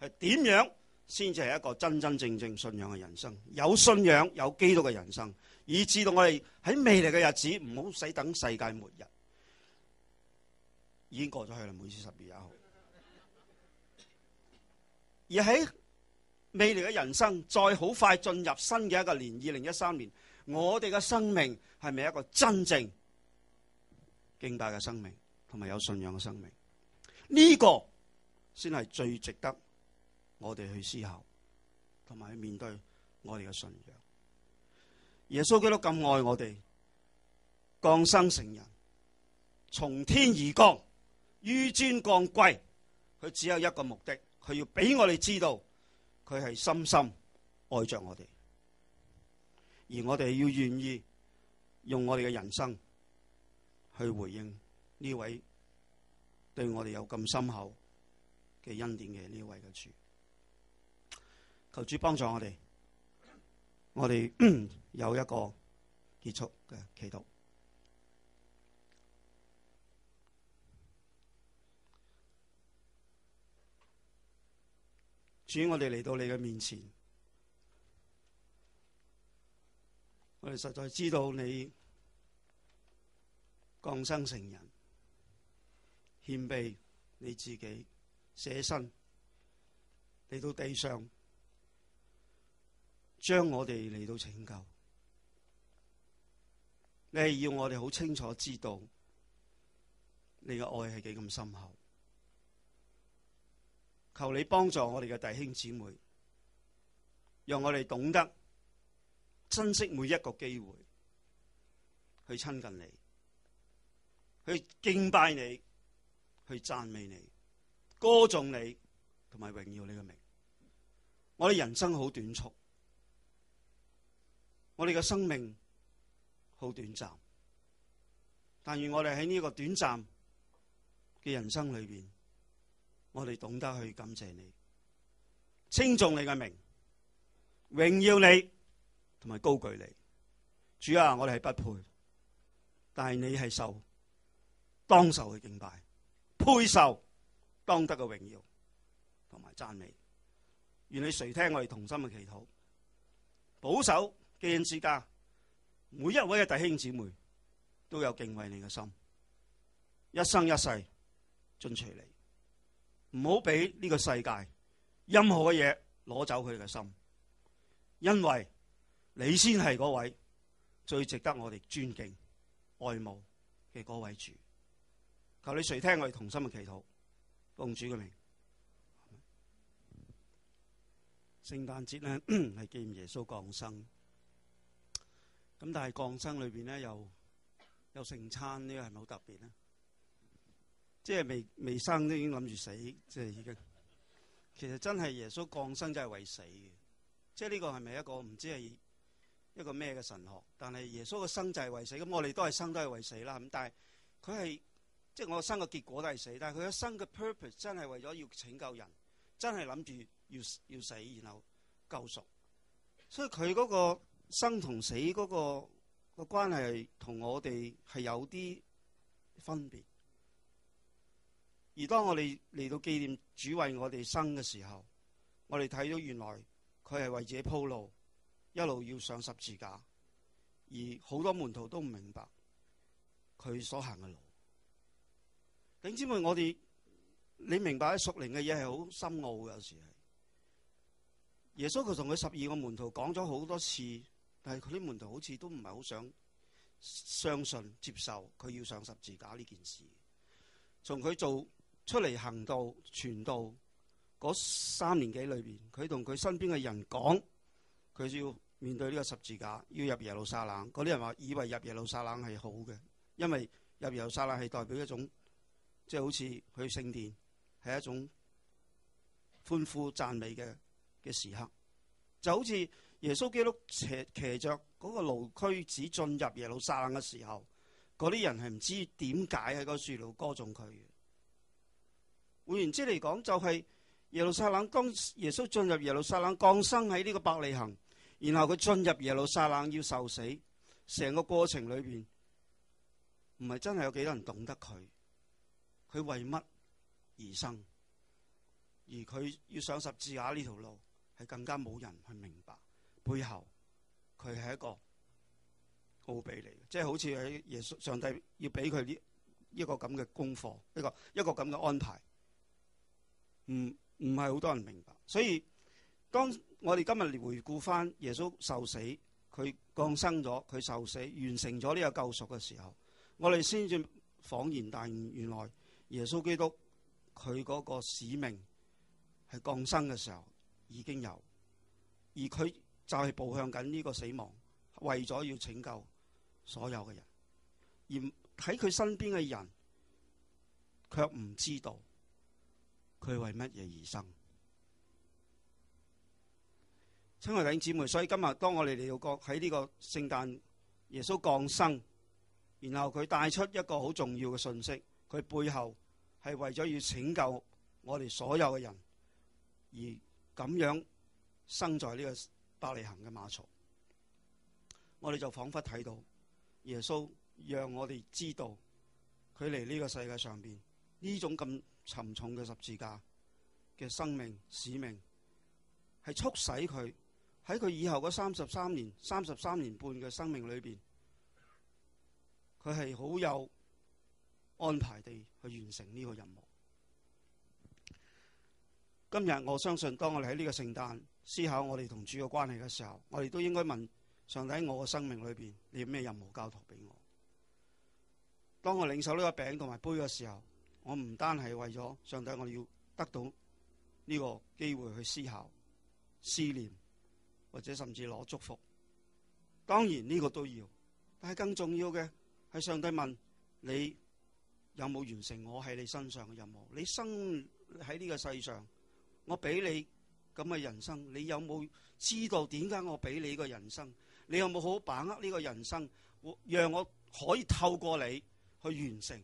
Speaker 1: 係點樣先至係一個真真正正信仰嘅人生？有信仰，有基督嘅人生，以至到我哋喺未來嘅日子，唔好使等世界末日，已經過咗去啦。每次十二月一號，而喺未來嘅人生，再好快進入新嘅一個年，二零一三年，我哋嘅生命係咪一個真正敬拜嘅生命，同埋有信仰嘅生命？呢、這個先係最值得我哋去思考，同埋去面對我哋嘅信仰。耶穌基督咁愛我哋，降生成人，從天而降，紆尊降貴，佢只有一個目的，佢要俾我哋知道，佢係深深愛着我哋，而我哋要願意用我哋嘅人生去回應呢位。對我哋有咁深厚嘅恩典嘅呢位嘅主，求主幫助我哋，我哋有一個結束嘅祈禱。主，我哋嚟到你嘅面前，我哋實在知道你降生成人。謙卑，你自己捨身嚟到地上，將我哋嚟到拯救。你係要我哋好清楚知道，你嘅愛係幾咁深厚。求你幫助我哋嘅弟兄姊妹，讓我哋懂得珍惜每一個機會去親近你，去敬拜你。去讚美你，歌頌你，同埋榮耀你嘅名。我哋人生好短促，我哋嘅生命好短暫。但願我哋喺呢個短暫嘅人生裏邊，我哋懂得去感謝你，稱頌你嘅名，榮耀你，同埋高舉你。主啊，我哋係不配，但係你係受，當受去敬拜。配受當得嘅榮耀同埋讚美，願你垂聽我哋同心嘅祈禱，保守基恩之家，每一位嘅弟兄姊妹都有敬畏你嘅心，一生一世追隨你，唔好俾呢個世界任何嘅嘢攞走佢嘅心，因為你先係嗰位最值得我哋尊敬愛慕嘅嗰位主。求你垂聽我哋同心嘅祈禱，奉主嘅名。聖誕節咧係紀念耶穌降生，咁但係降生裏邊咧又有聖餐，是是呢個係咪好特別咧？即係未未生都已經諗住死，即係已經。其實真係耶穌降生就係為死嘅，即係呢個係咪一個唔知係一個咩嘅神學？但係耶穌嘅生就係為死，咁我哋都係生都係為死啦。咁但係佢係。即係我生嘅結果都係死，但係佢一生嘅 purpose 真係為咗要拯救人，真係諗住要要死，要死然後救贖，所以佢嗰個生同死個個關係同我哋係有啲分別。而當我哋嚟到紀念主為我哋生嘅時候，我哋睇到原來佢係為自己鋪路，一路要上十字架，而好多門徒都唔明白佢所行嘅路。弟兄妹，我哋你明白，喺屬靈嘅嘢係好深奧嘅，有時係耶穌佢同佢十二個門徒講咗好多次，但係佢啲門徒好似都唔係好想相信接受佢要上十字架呢件事。從佢做出嚟行道傳道嗰三年幾裏邊，佢同佢身邊嘅人講，佢就要面對呢個十字架，要入耶路撒冷。嗰啲人話以為入耶路撒冷係好嘅，因為入耶路撒冷係代表一種。即係好似去聖殿，係一種歡呼讚美嘅嘅時刻，就好似耶穌基督斜騎着嗰個驢駒，子進入耶路撒冷嘅時候，嗰啲人係唔知點解喺個樹度歌頌佢。換言之嚟講，就係、是、耶路撒冷當耶穌進入耶路撒冷降生喺呢個伯利恒，然後佢進入耶路撒冷要受死，成個過程裏邊，唔係真係有幾多人懂得佢。佢為乜而生？而佢要上十字架呢條路係更加冇人去明白背後佢係一個奧秘嚟嘅，即係好似喺耶穌上帝要俾佢呢一個咁嘅功課，一個一個咁嘅安排，唔唔係好多人明白。所以當我哋今日嚟回顧翻耶穌受死，佢降生咗，佢受死，完成咗呢個救贖嘅時候，我哋先至恍然大悟，原來。耶穌基督佢嗰個使命係降生嘅時候已經有，而佢就係步向緊呢個死亡，為咗要拯救所有嘅人，而喺佢身邊嘅人卻唔知道佢為乜嘢而生。親愛嘅弟兄姊妹，所以今日當我哋嚟到過喺呢個聖誕，耶穌降生，然後佢帶出一個好重要嘅訊息，佢背後。係為咗要拯救我哋所有嘅人，而咁樣生在呢個伯利恒嘅馬槽，我哋就仿佛睇到耶穌讓我哋知道，佢嚟呢個世界上邊呢種咁沉重嘅十字架嘅生命使命，係促使佢喺佢以後嗰三十三年、三十三年半嘅生命裏邊，佢係好有。安排地去完成呢個任務。今日我相信，當我哋喺呢個聖誕思考我哋同主嘅關係嘅時候，我哋都應該問上帝：喺我嘅生命裏邊，你有咩任務交託俾我？當我領受呢個餅同埋杯嘅時候，我唔單係為咗上帝，我要得到呢個機會去思考、思念或者甚至攞祝福。當然呢個都要，但係更重要嘅係上帝問你。有冇完成我喺你身上嘅任務？你生喺呢個世上，我俾你咁嘅人生，你有冇知道點解我俾你呢個人生？你有冇好好把握呢個人生，讓我可以透過你去完成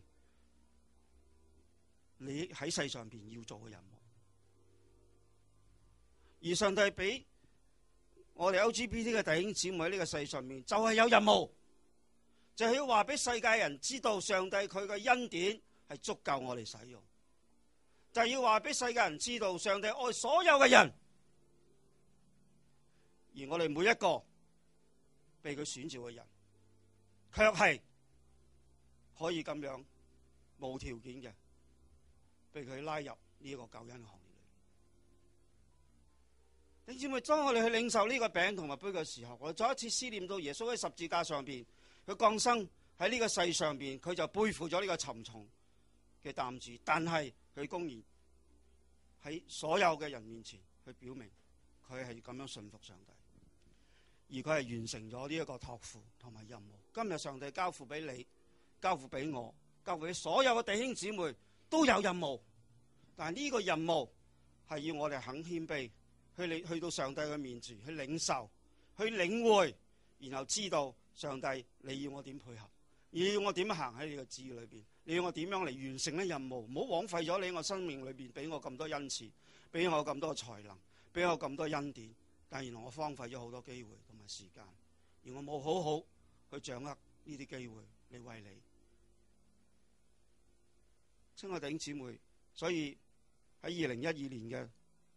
Speaker 1: 你喺世上邊要做嘅任務？而上帝俾我哋 LGBT 嘅弟兄姊妹喺呢個世上邊，就係有任務。就要話俾世界人知道，上帝佢嘅恩典係足夠我哋使用。就要話俾世界人知道，上帝愛所有嘅人，而我哋每一個被佢選召嘅人，卻係可以咁樣無條件嘅被佢拉入呢個救恩嘅行列裏。你知唔知？當我哋去領受呢個餅同埋杯嘅時候，我哋再一次思念到耶穌喺十字架上邊。佢降生喺呢個世上邊，佢就背負咗呢個沉重嘅擔子。但係佢公然喺所有嘅人面前去表明，佢係咁樣順服上帝。而佢係完成咗呢一個託付同埋任務。今日上帝交付俾你，交付俾我，交付俾所有嘅弟兄姊妹都有任務。但係呢個任務係要我哋肯謙卑去去到上帝嘅面前去領受、去領會，然後知道。上帝，你要我點配合？你要我點行喺你嘅旨意裏面？你要我點樣嚟完成啲任務？唔好枉費咗你我生命裏面俾我咁多恩賜，俾我咁多才能，俾我咁多恩典。但原來我荒廢咗好多機會同埋時間，而我冇好好去掌握呢啲機會嚟為你，親愛弟兄姊妹。所以喺二零一二年嘅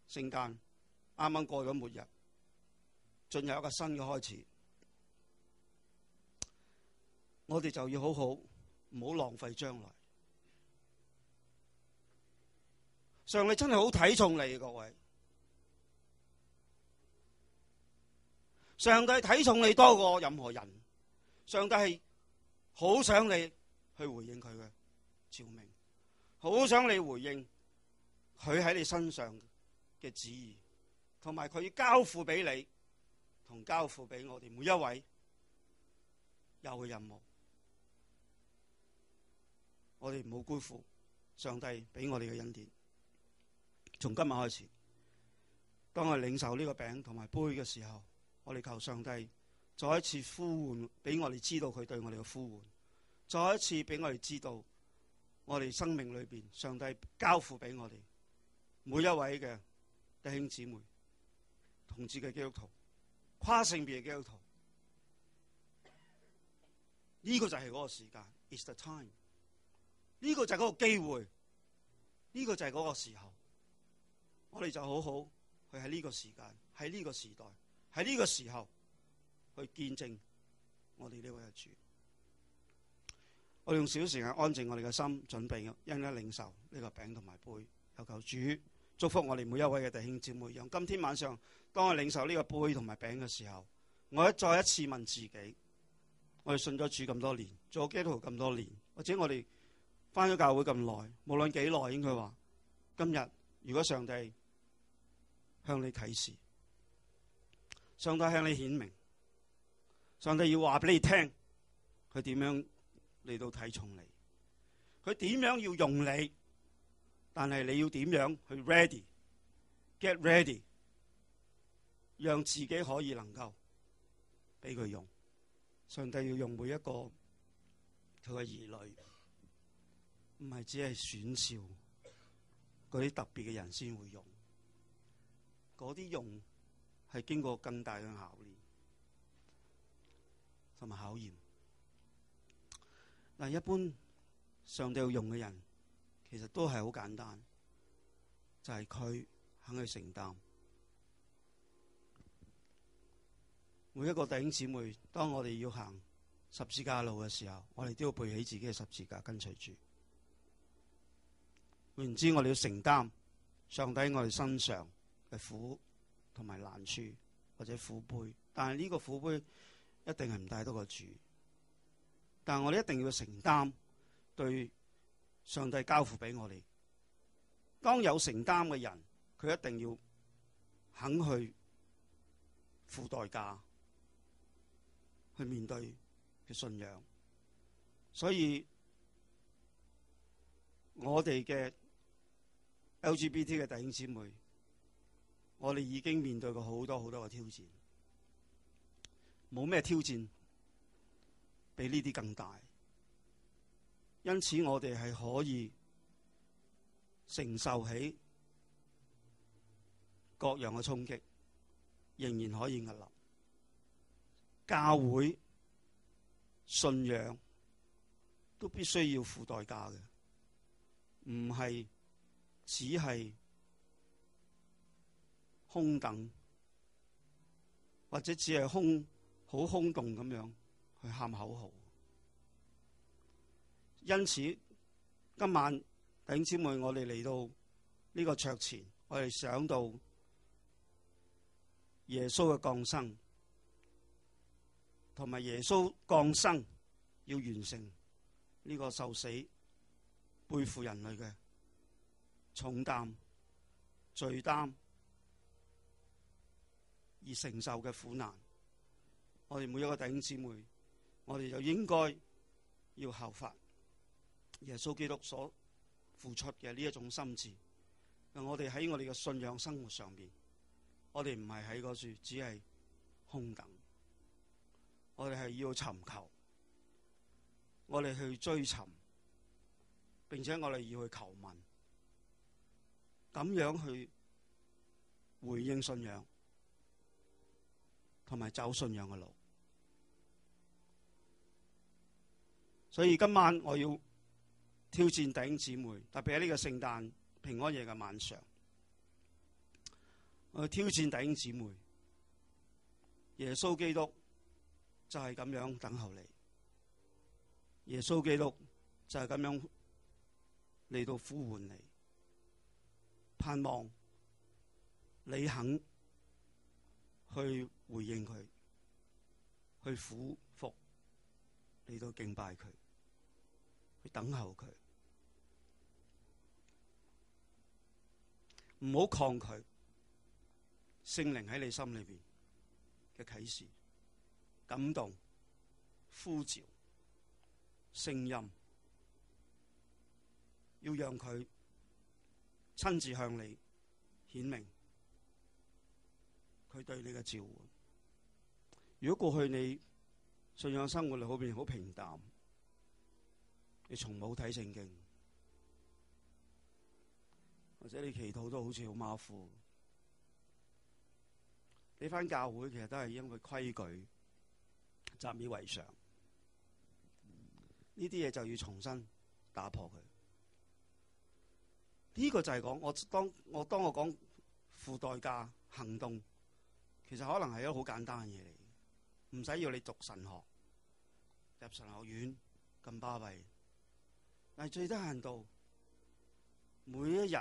Speaker 1: 聖誕，啱啱過咗末日，進入一個新嘅開始。我哋就要好好，唔好浪費將來。上帝真係好睇重你，各位。上帝睇重你多過任何人。上帝係好想你去回應佢嘅召命，好想你回應佢喺你身上嘅旨意，同埋佢要交付俾你同交付俾我哋每一位有嘅任務。我哋唔好辜負上帝俾我哋嘅恩典。從今日開始，當我哋領受呢個餅同埋杯嘅時候，我哋求上帝再一次呼喚，俾我哋知道佢對我哋嘅呼喚，再一次俾我哋知道我哋生命裏邊上帝交付俾我哋每一位嘅弟兄姊妹、同志嘅基督徒、跨性別嘅基督徒，呢、這個就係嗰個時間，It's the time。呢、個就係嗰個機會，呢、個就係嗰個時候，我哋就好好去喺呢個時間、喺呢個時代、喺呢個時候去見證我哋呢位主。我用少時間安靜我哋嘅心，準備一陣間領受呢個餅同埋杯，求求主祝福我哋每一位嘅弟兄姐妹。讓今天晚上，當我領受呢個杯同埋餅嘅時候，我一再一次問自己：我哋信咗主咁多年，做基督徒咁多年，或者我哋，翻咗教會咁耐，無論幾耐，應該話今日如果上帝向你啟示，上帝向你顯明，上帝要話俾你聽，佢點樣嚟到睇重你？佢點樣要用你？但係你要點樣去 ready、get ready，讓自己可以能夠俾佢用。上帝要用每一個佢嘅兒女。唔係只係選召，嗰啲特別嘅人先會用，嗰啲用係經過更大嘅考慮同埋考驗。但一般上帝要用嘅人其實都係好簡單，就係佢肯去承擔。每一個弟兄姊妹，當我哋要行十字架路嘅時候，我哋都要背起自己嘅十字架跟隨住。然之，我哋要承擔上帝喺我哋身上嘅苦同埋難處或者苦杯，但係呢個苦杯一定係唔帶多個主。但係我哋一定要承擔對上帝交付俾我哋。當有承擔嘅人，佢一定要肯去付代價去面對佢信仰。所以，我哋嘅。LGBT 嘅弟兄姊妹，我哋已經面對過好多好多嘅挑戰，冇咩挑戰比呢啲更大，因此我哋係可以承受起各樣嘅衝擊，仍然可以屹立。教會、信仰都必須要付代價嘅，唔係。只係空等，或者只係空，好空洞咁樣去喊口號。因此，今晚弟兄姊妹，我哋嚟到呢個桌前，我哋想到耶穌嘅降生，同埋耶穌降生要完成呢個受死背負人類嘅。重擔、罪擔而承受嘅苦難，我哋每一個弟兄姊妹，我哋就應該要效法耶穌基督所付出嘅呢一種心智。讓我哋喺我哋嘅信仰生活上邊，我哋唔係喺嗰處，只係空等。我哋係要尋求，我哋去追尋，並且我哋要去求問，咁樣去回應信仰，同埋走信仰嘅路。所以今晚我要挑戰弟兄姊妹，特別喺呢個聖誕平安夜嘅晚上，我挑戰弟兄姊妹，耶穌基督就係咁樣等候你，耶穌基督就係咁樣嚟到呼喚你。盼望你肯去回應佢，去俯伏嚟到敬拜佢，去等候佢，唔好抗拒，聖靈喺你心裏邊嘅啟示、感動、呼召、聲音，要讓佢。親自向你顯明佢對你嘅照顧。如果過去你信仰生活裏好變好平淡，你從冇睇聖經，或者你祈禱都好似好馬虎，你返教會其實都係因為規矩習以為常，呢啲嘢就要重新打破佢。呢、這個就係講我，我當我當我講付代價行動，其實可能係一個好簡單嘅嘢嚟，唔使要你讀神學，入神學院咁巴閉，但係最低限度，每一日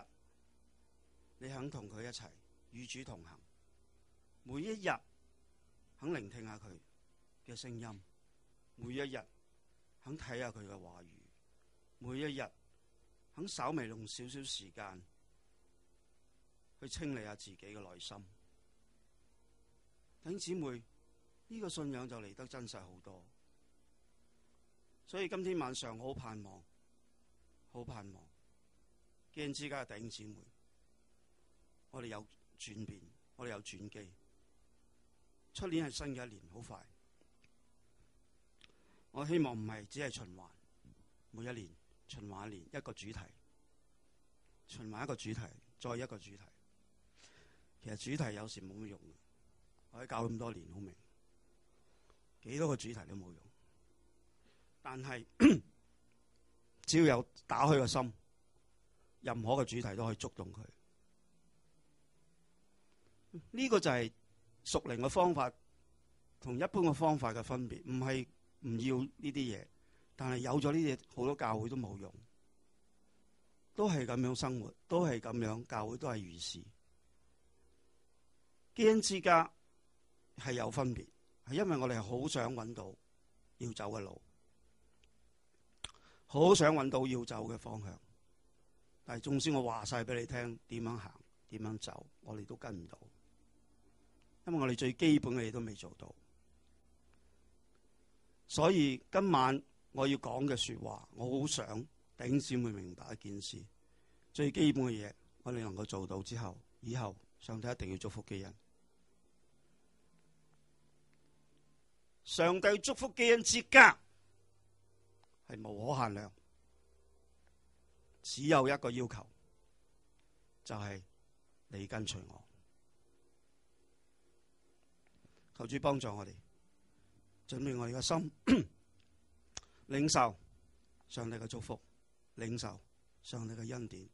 Speaker 1: 你肯同佢一齊與主同行，每一日肯聆聽下佢嘅聲音，每一日肯睇下佢嘅話語，每一日。等稍微用少少時間去清理下自己嘅內心，弟兄姊妹，呢個信仰就嚟得真實好多。所以今天晚上我好盼望，好盼望，基恩之家嘅弟兄姊妹，我哋有轉變，我哋有轉機。出年係新嘅一年，好快。我希望唔係只係循環，每一年。循環年一個主題，循環一個主題，再一個主題。其實主題有時冇乜用，我在教咁多年好明，幾多個主題都冇用。但係只要有打開個心，任何個主題都可以觸動佢。呢個就係屬靈嘅方法，同一般嘅方法嘅分別，唔係唔要呢啲嘢。但係有咗呢啲，好多教會都冇用，都係咁樣生活，都係咁樣教會，都係如是。基恩之家係有分別，係因為我哋好想揾到要走嘅路，好想揾到要走嘅方向。但係縱使我話晒俾你聽點樣行，點樣走，走，我哋都跟唔到，因為我哋最基本嘅嘢，都未做到。所以今晚。我要講嘅說話，我好想頂先會明白一件事，最基本嘅嘢，我哋能夠做到之後，以後上帝一定要祝福基恩。上帝祝福基恩之家係無可限量，只有一個要求，就係你跟隨我。求主幫助我哋，準備我哋嘅心。 領受上帝嘅祝福，領受上帝嘅恩典。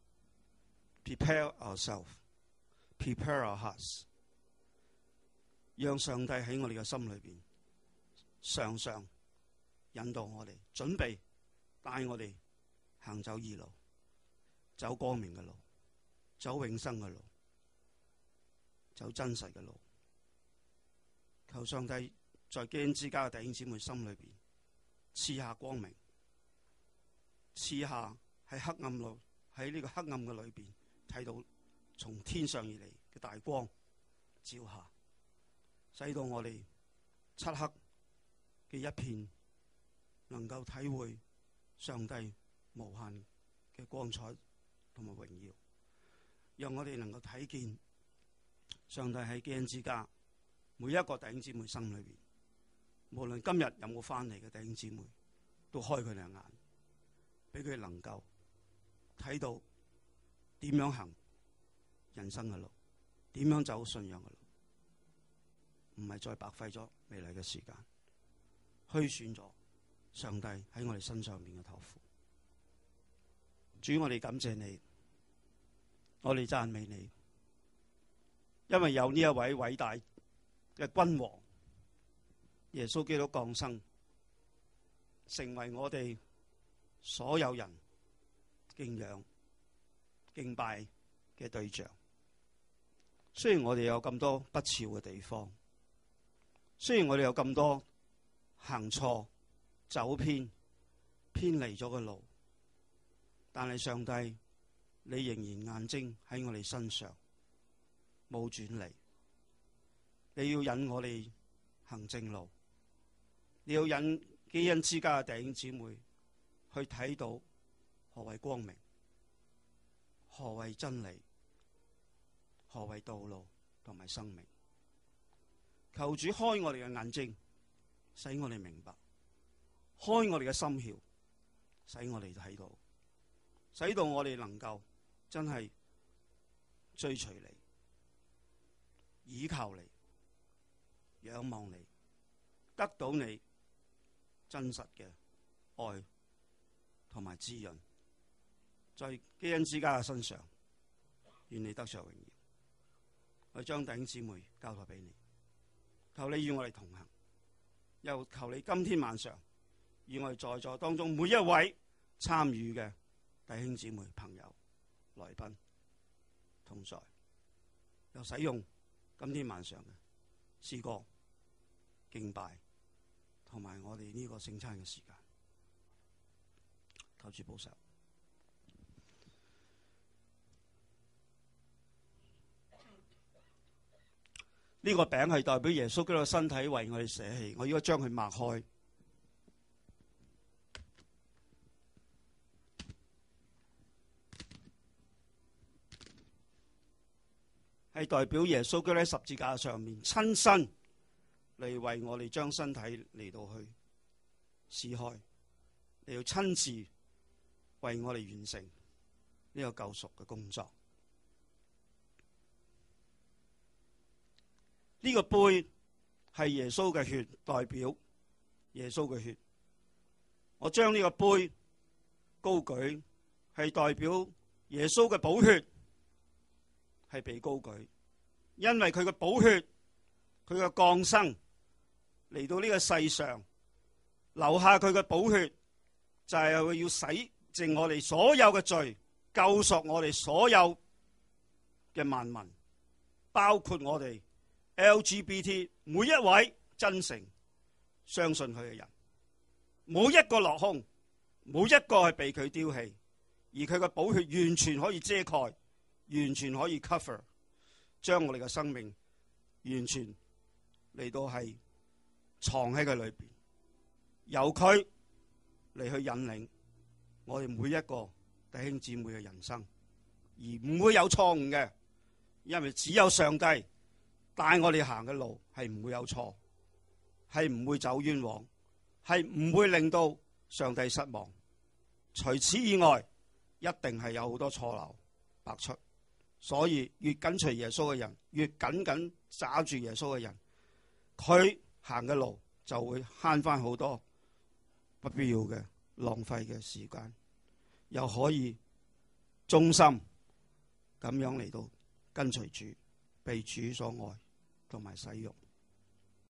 Speaker 1: Prepare ourselves, prepare our hearts，讓上帝喺我哋嘅心裏邊，常常引導我哋，準備帶我哋行走二路，走光明嘅路，走永生嘅路，走真實嘅路。求上帝在基恩之家嘅弟兄姊妹心裏邊。賜下光明，賜下喺黑暗內，喺呢個黑暗嘅裏邊，睇到從天上而嚟嘅大光照下，使到我哋漆黑嘅一片，能夠體會上帝無限嘅光彩同埋榮耀，讓我哋能夠睇見上帝喺基恩之家每一個弟兄姊妹心裏邊。無論今日有冇翻嚟嘅弟兄姊妹，都開佢兩眼，俾佢能夠睇到點樣行人生嘅路，點樣走信仰嘅路，唔係再白費咗未來嘅時間，虛損咗上帝喺我哋身上面嘅託付。主，我哋感謝你，我哋讚美你，因為有呢一位偉大嘅君王。耶穌基督降生，成為我哋所有人敬仰、敬拜嘅對象。雖然我哋有咁多不肖嘅地方，雖然我哋有咁多行錯、走偏、偏離咗嘅路，但係上帝，你仍然眼睛喺我哋身上，冇轉離。你要引我哋行正路。你要引基恩之家嘅弟兄姊妹去睇到何謂光明，何謂真理，何謂道路同埋生命。求主開我哋嘅眼睛，使我哋明白；開我哋嘅心竅，使我哋睇到，使到我哋能夠真係追隨你，倚靠你，仰望你，得到你。真實嘅愛同埋滋潤，在基恩之家嘅身上，願你得著榮耀。我將弟兄姊妹交托俾你，求你與我哋同行。又求你今天晚上，與我哋在座當中每一位參與嘅弟兄姊妹、朋友、來賓同在，又使用今天晚上嘅詩歌敬拜。同埋我哋呢個聖餐嘅時間，求主保守。呢個餅係代表耶穌基督嘅身體為我哋捨棄，我而家將佢擘開，係代表耶穌基督喺十字架上面親身。嚟為我哋將身體嚟到去撕開，你要親自為我哋完成呢個救贖嘅工作。呢個杯係耶穌嘅血，代表耶穌嘅血，我將呢個杯高舉，係代表耶穌嘅寶血係被高舉，因為佢嘅寶血，佢嘅降生。嚟到呢個世上，留下佢嘅寶血，就係要洗淨我哋所有嘅罪，救贖我哋所有嘅萬民，包括我哋 LGBT 每一位真誠相信佢嘅人，冇一個落空，冇一個係被佢丟棄，而佢嘅寶血完全可以遮蓋，完全可以 cover，將我哋嘅生命完全嚟到係。藏喺佢裏邊，由佢嚟去引領我哋每一個弟兄姊妹嘅人生，而唔會有錯誤嘅，因為只有上帝帶我哋行嘅路係唔會有錯，係唔會走冤枉，係唔會令到上帝失望。除此以外，一定係有好多錯漏百出。所以越跟隨耶穌嘅人，越緊緊抓住耶穌嘅人，佢行嘅路就會慳返好多不必要嘅浪費嘅時間，又可以忠心咁樣嚟到跟隨主，被主所愛，同埋使用。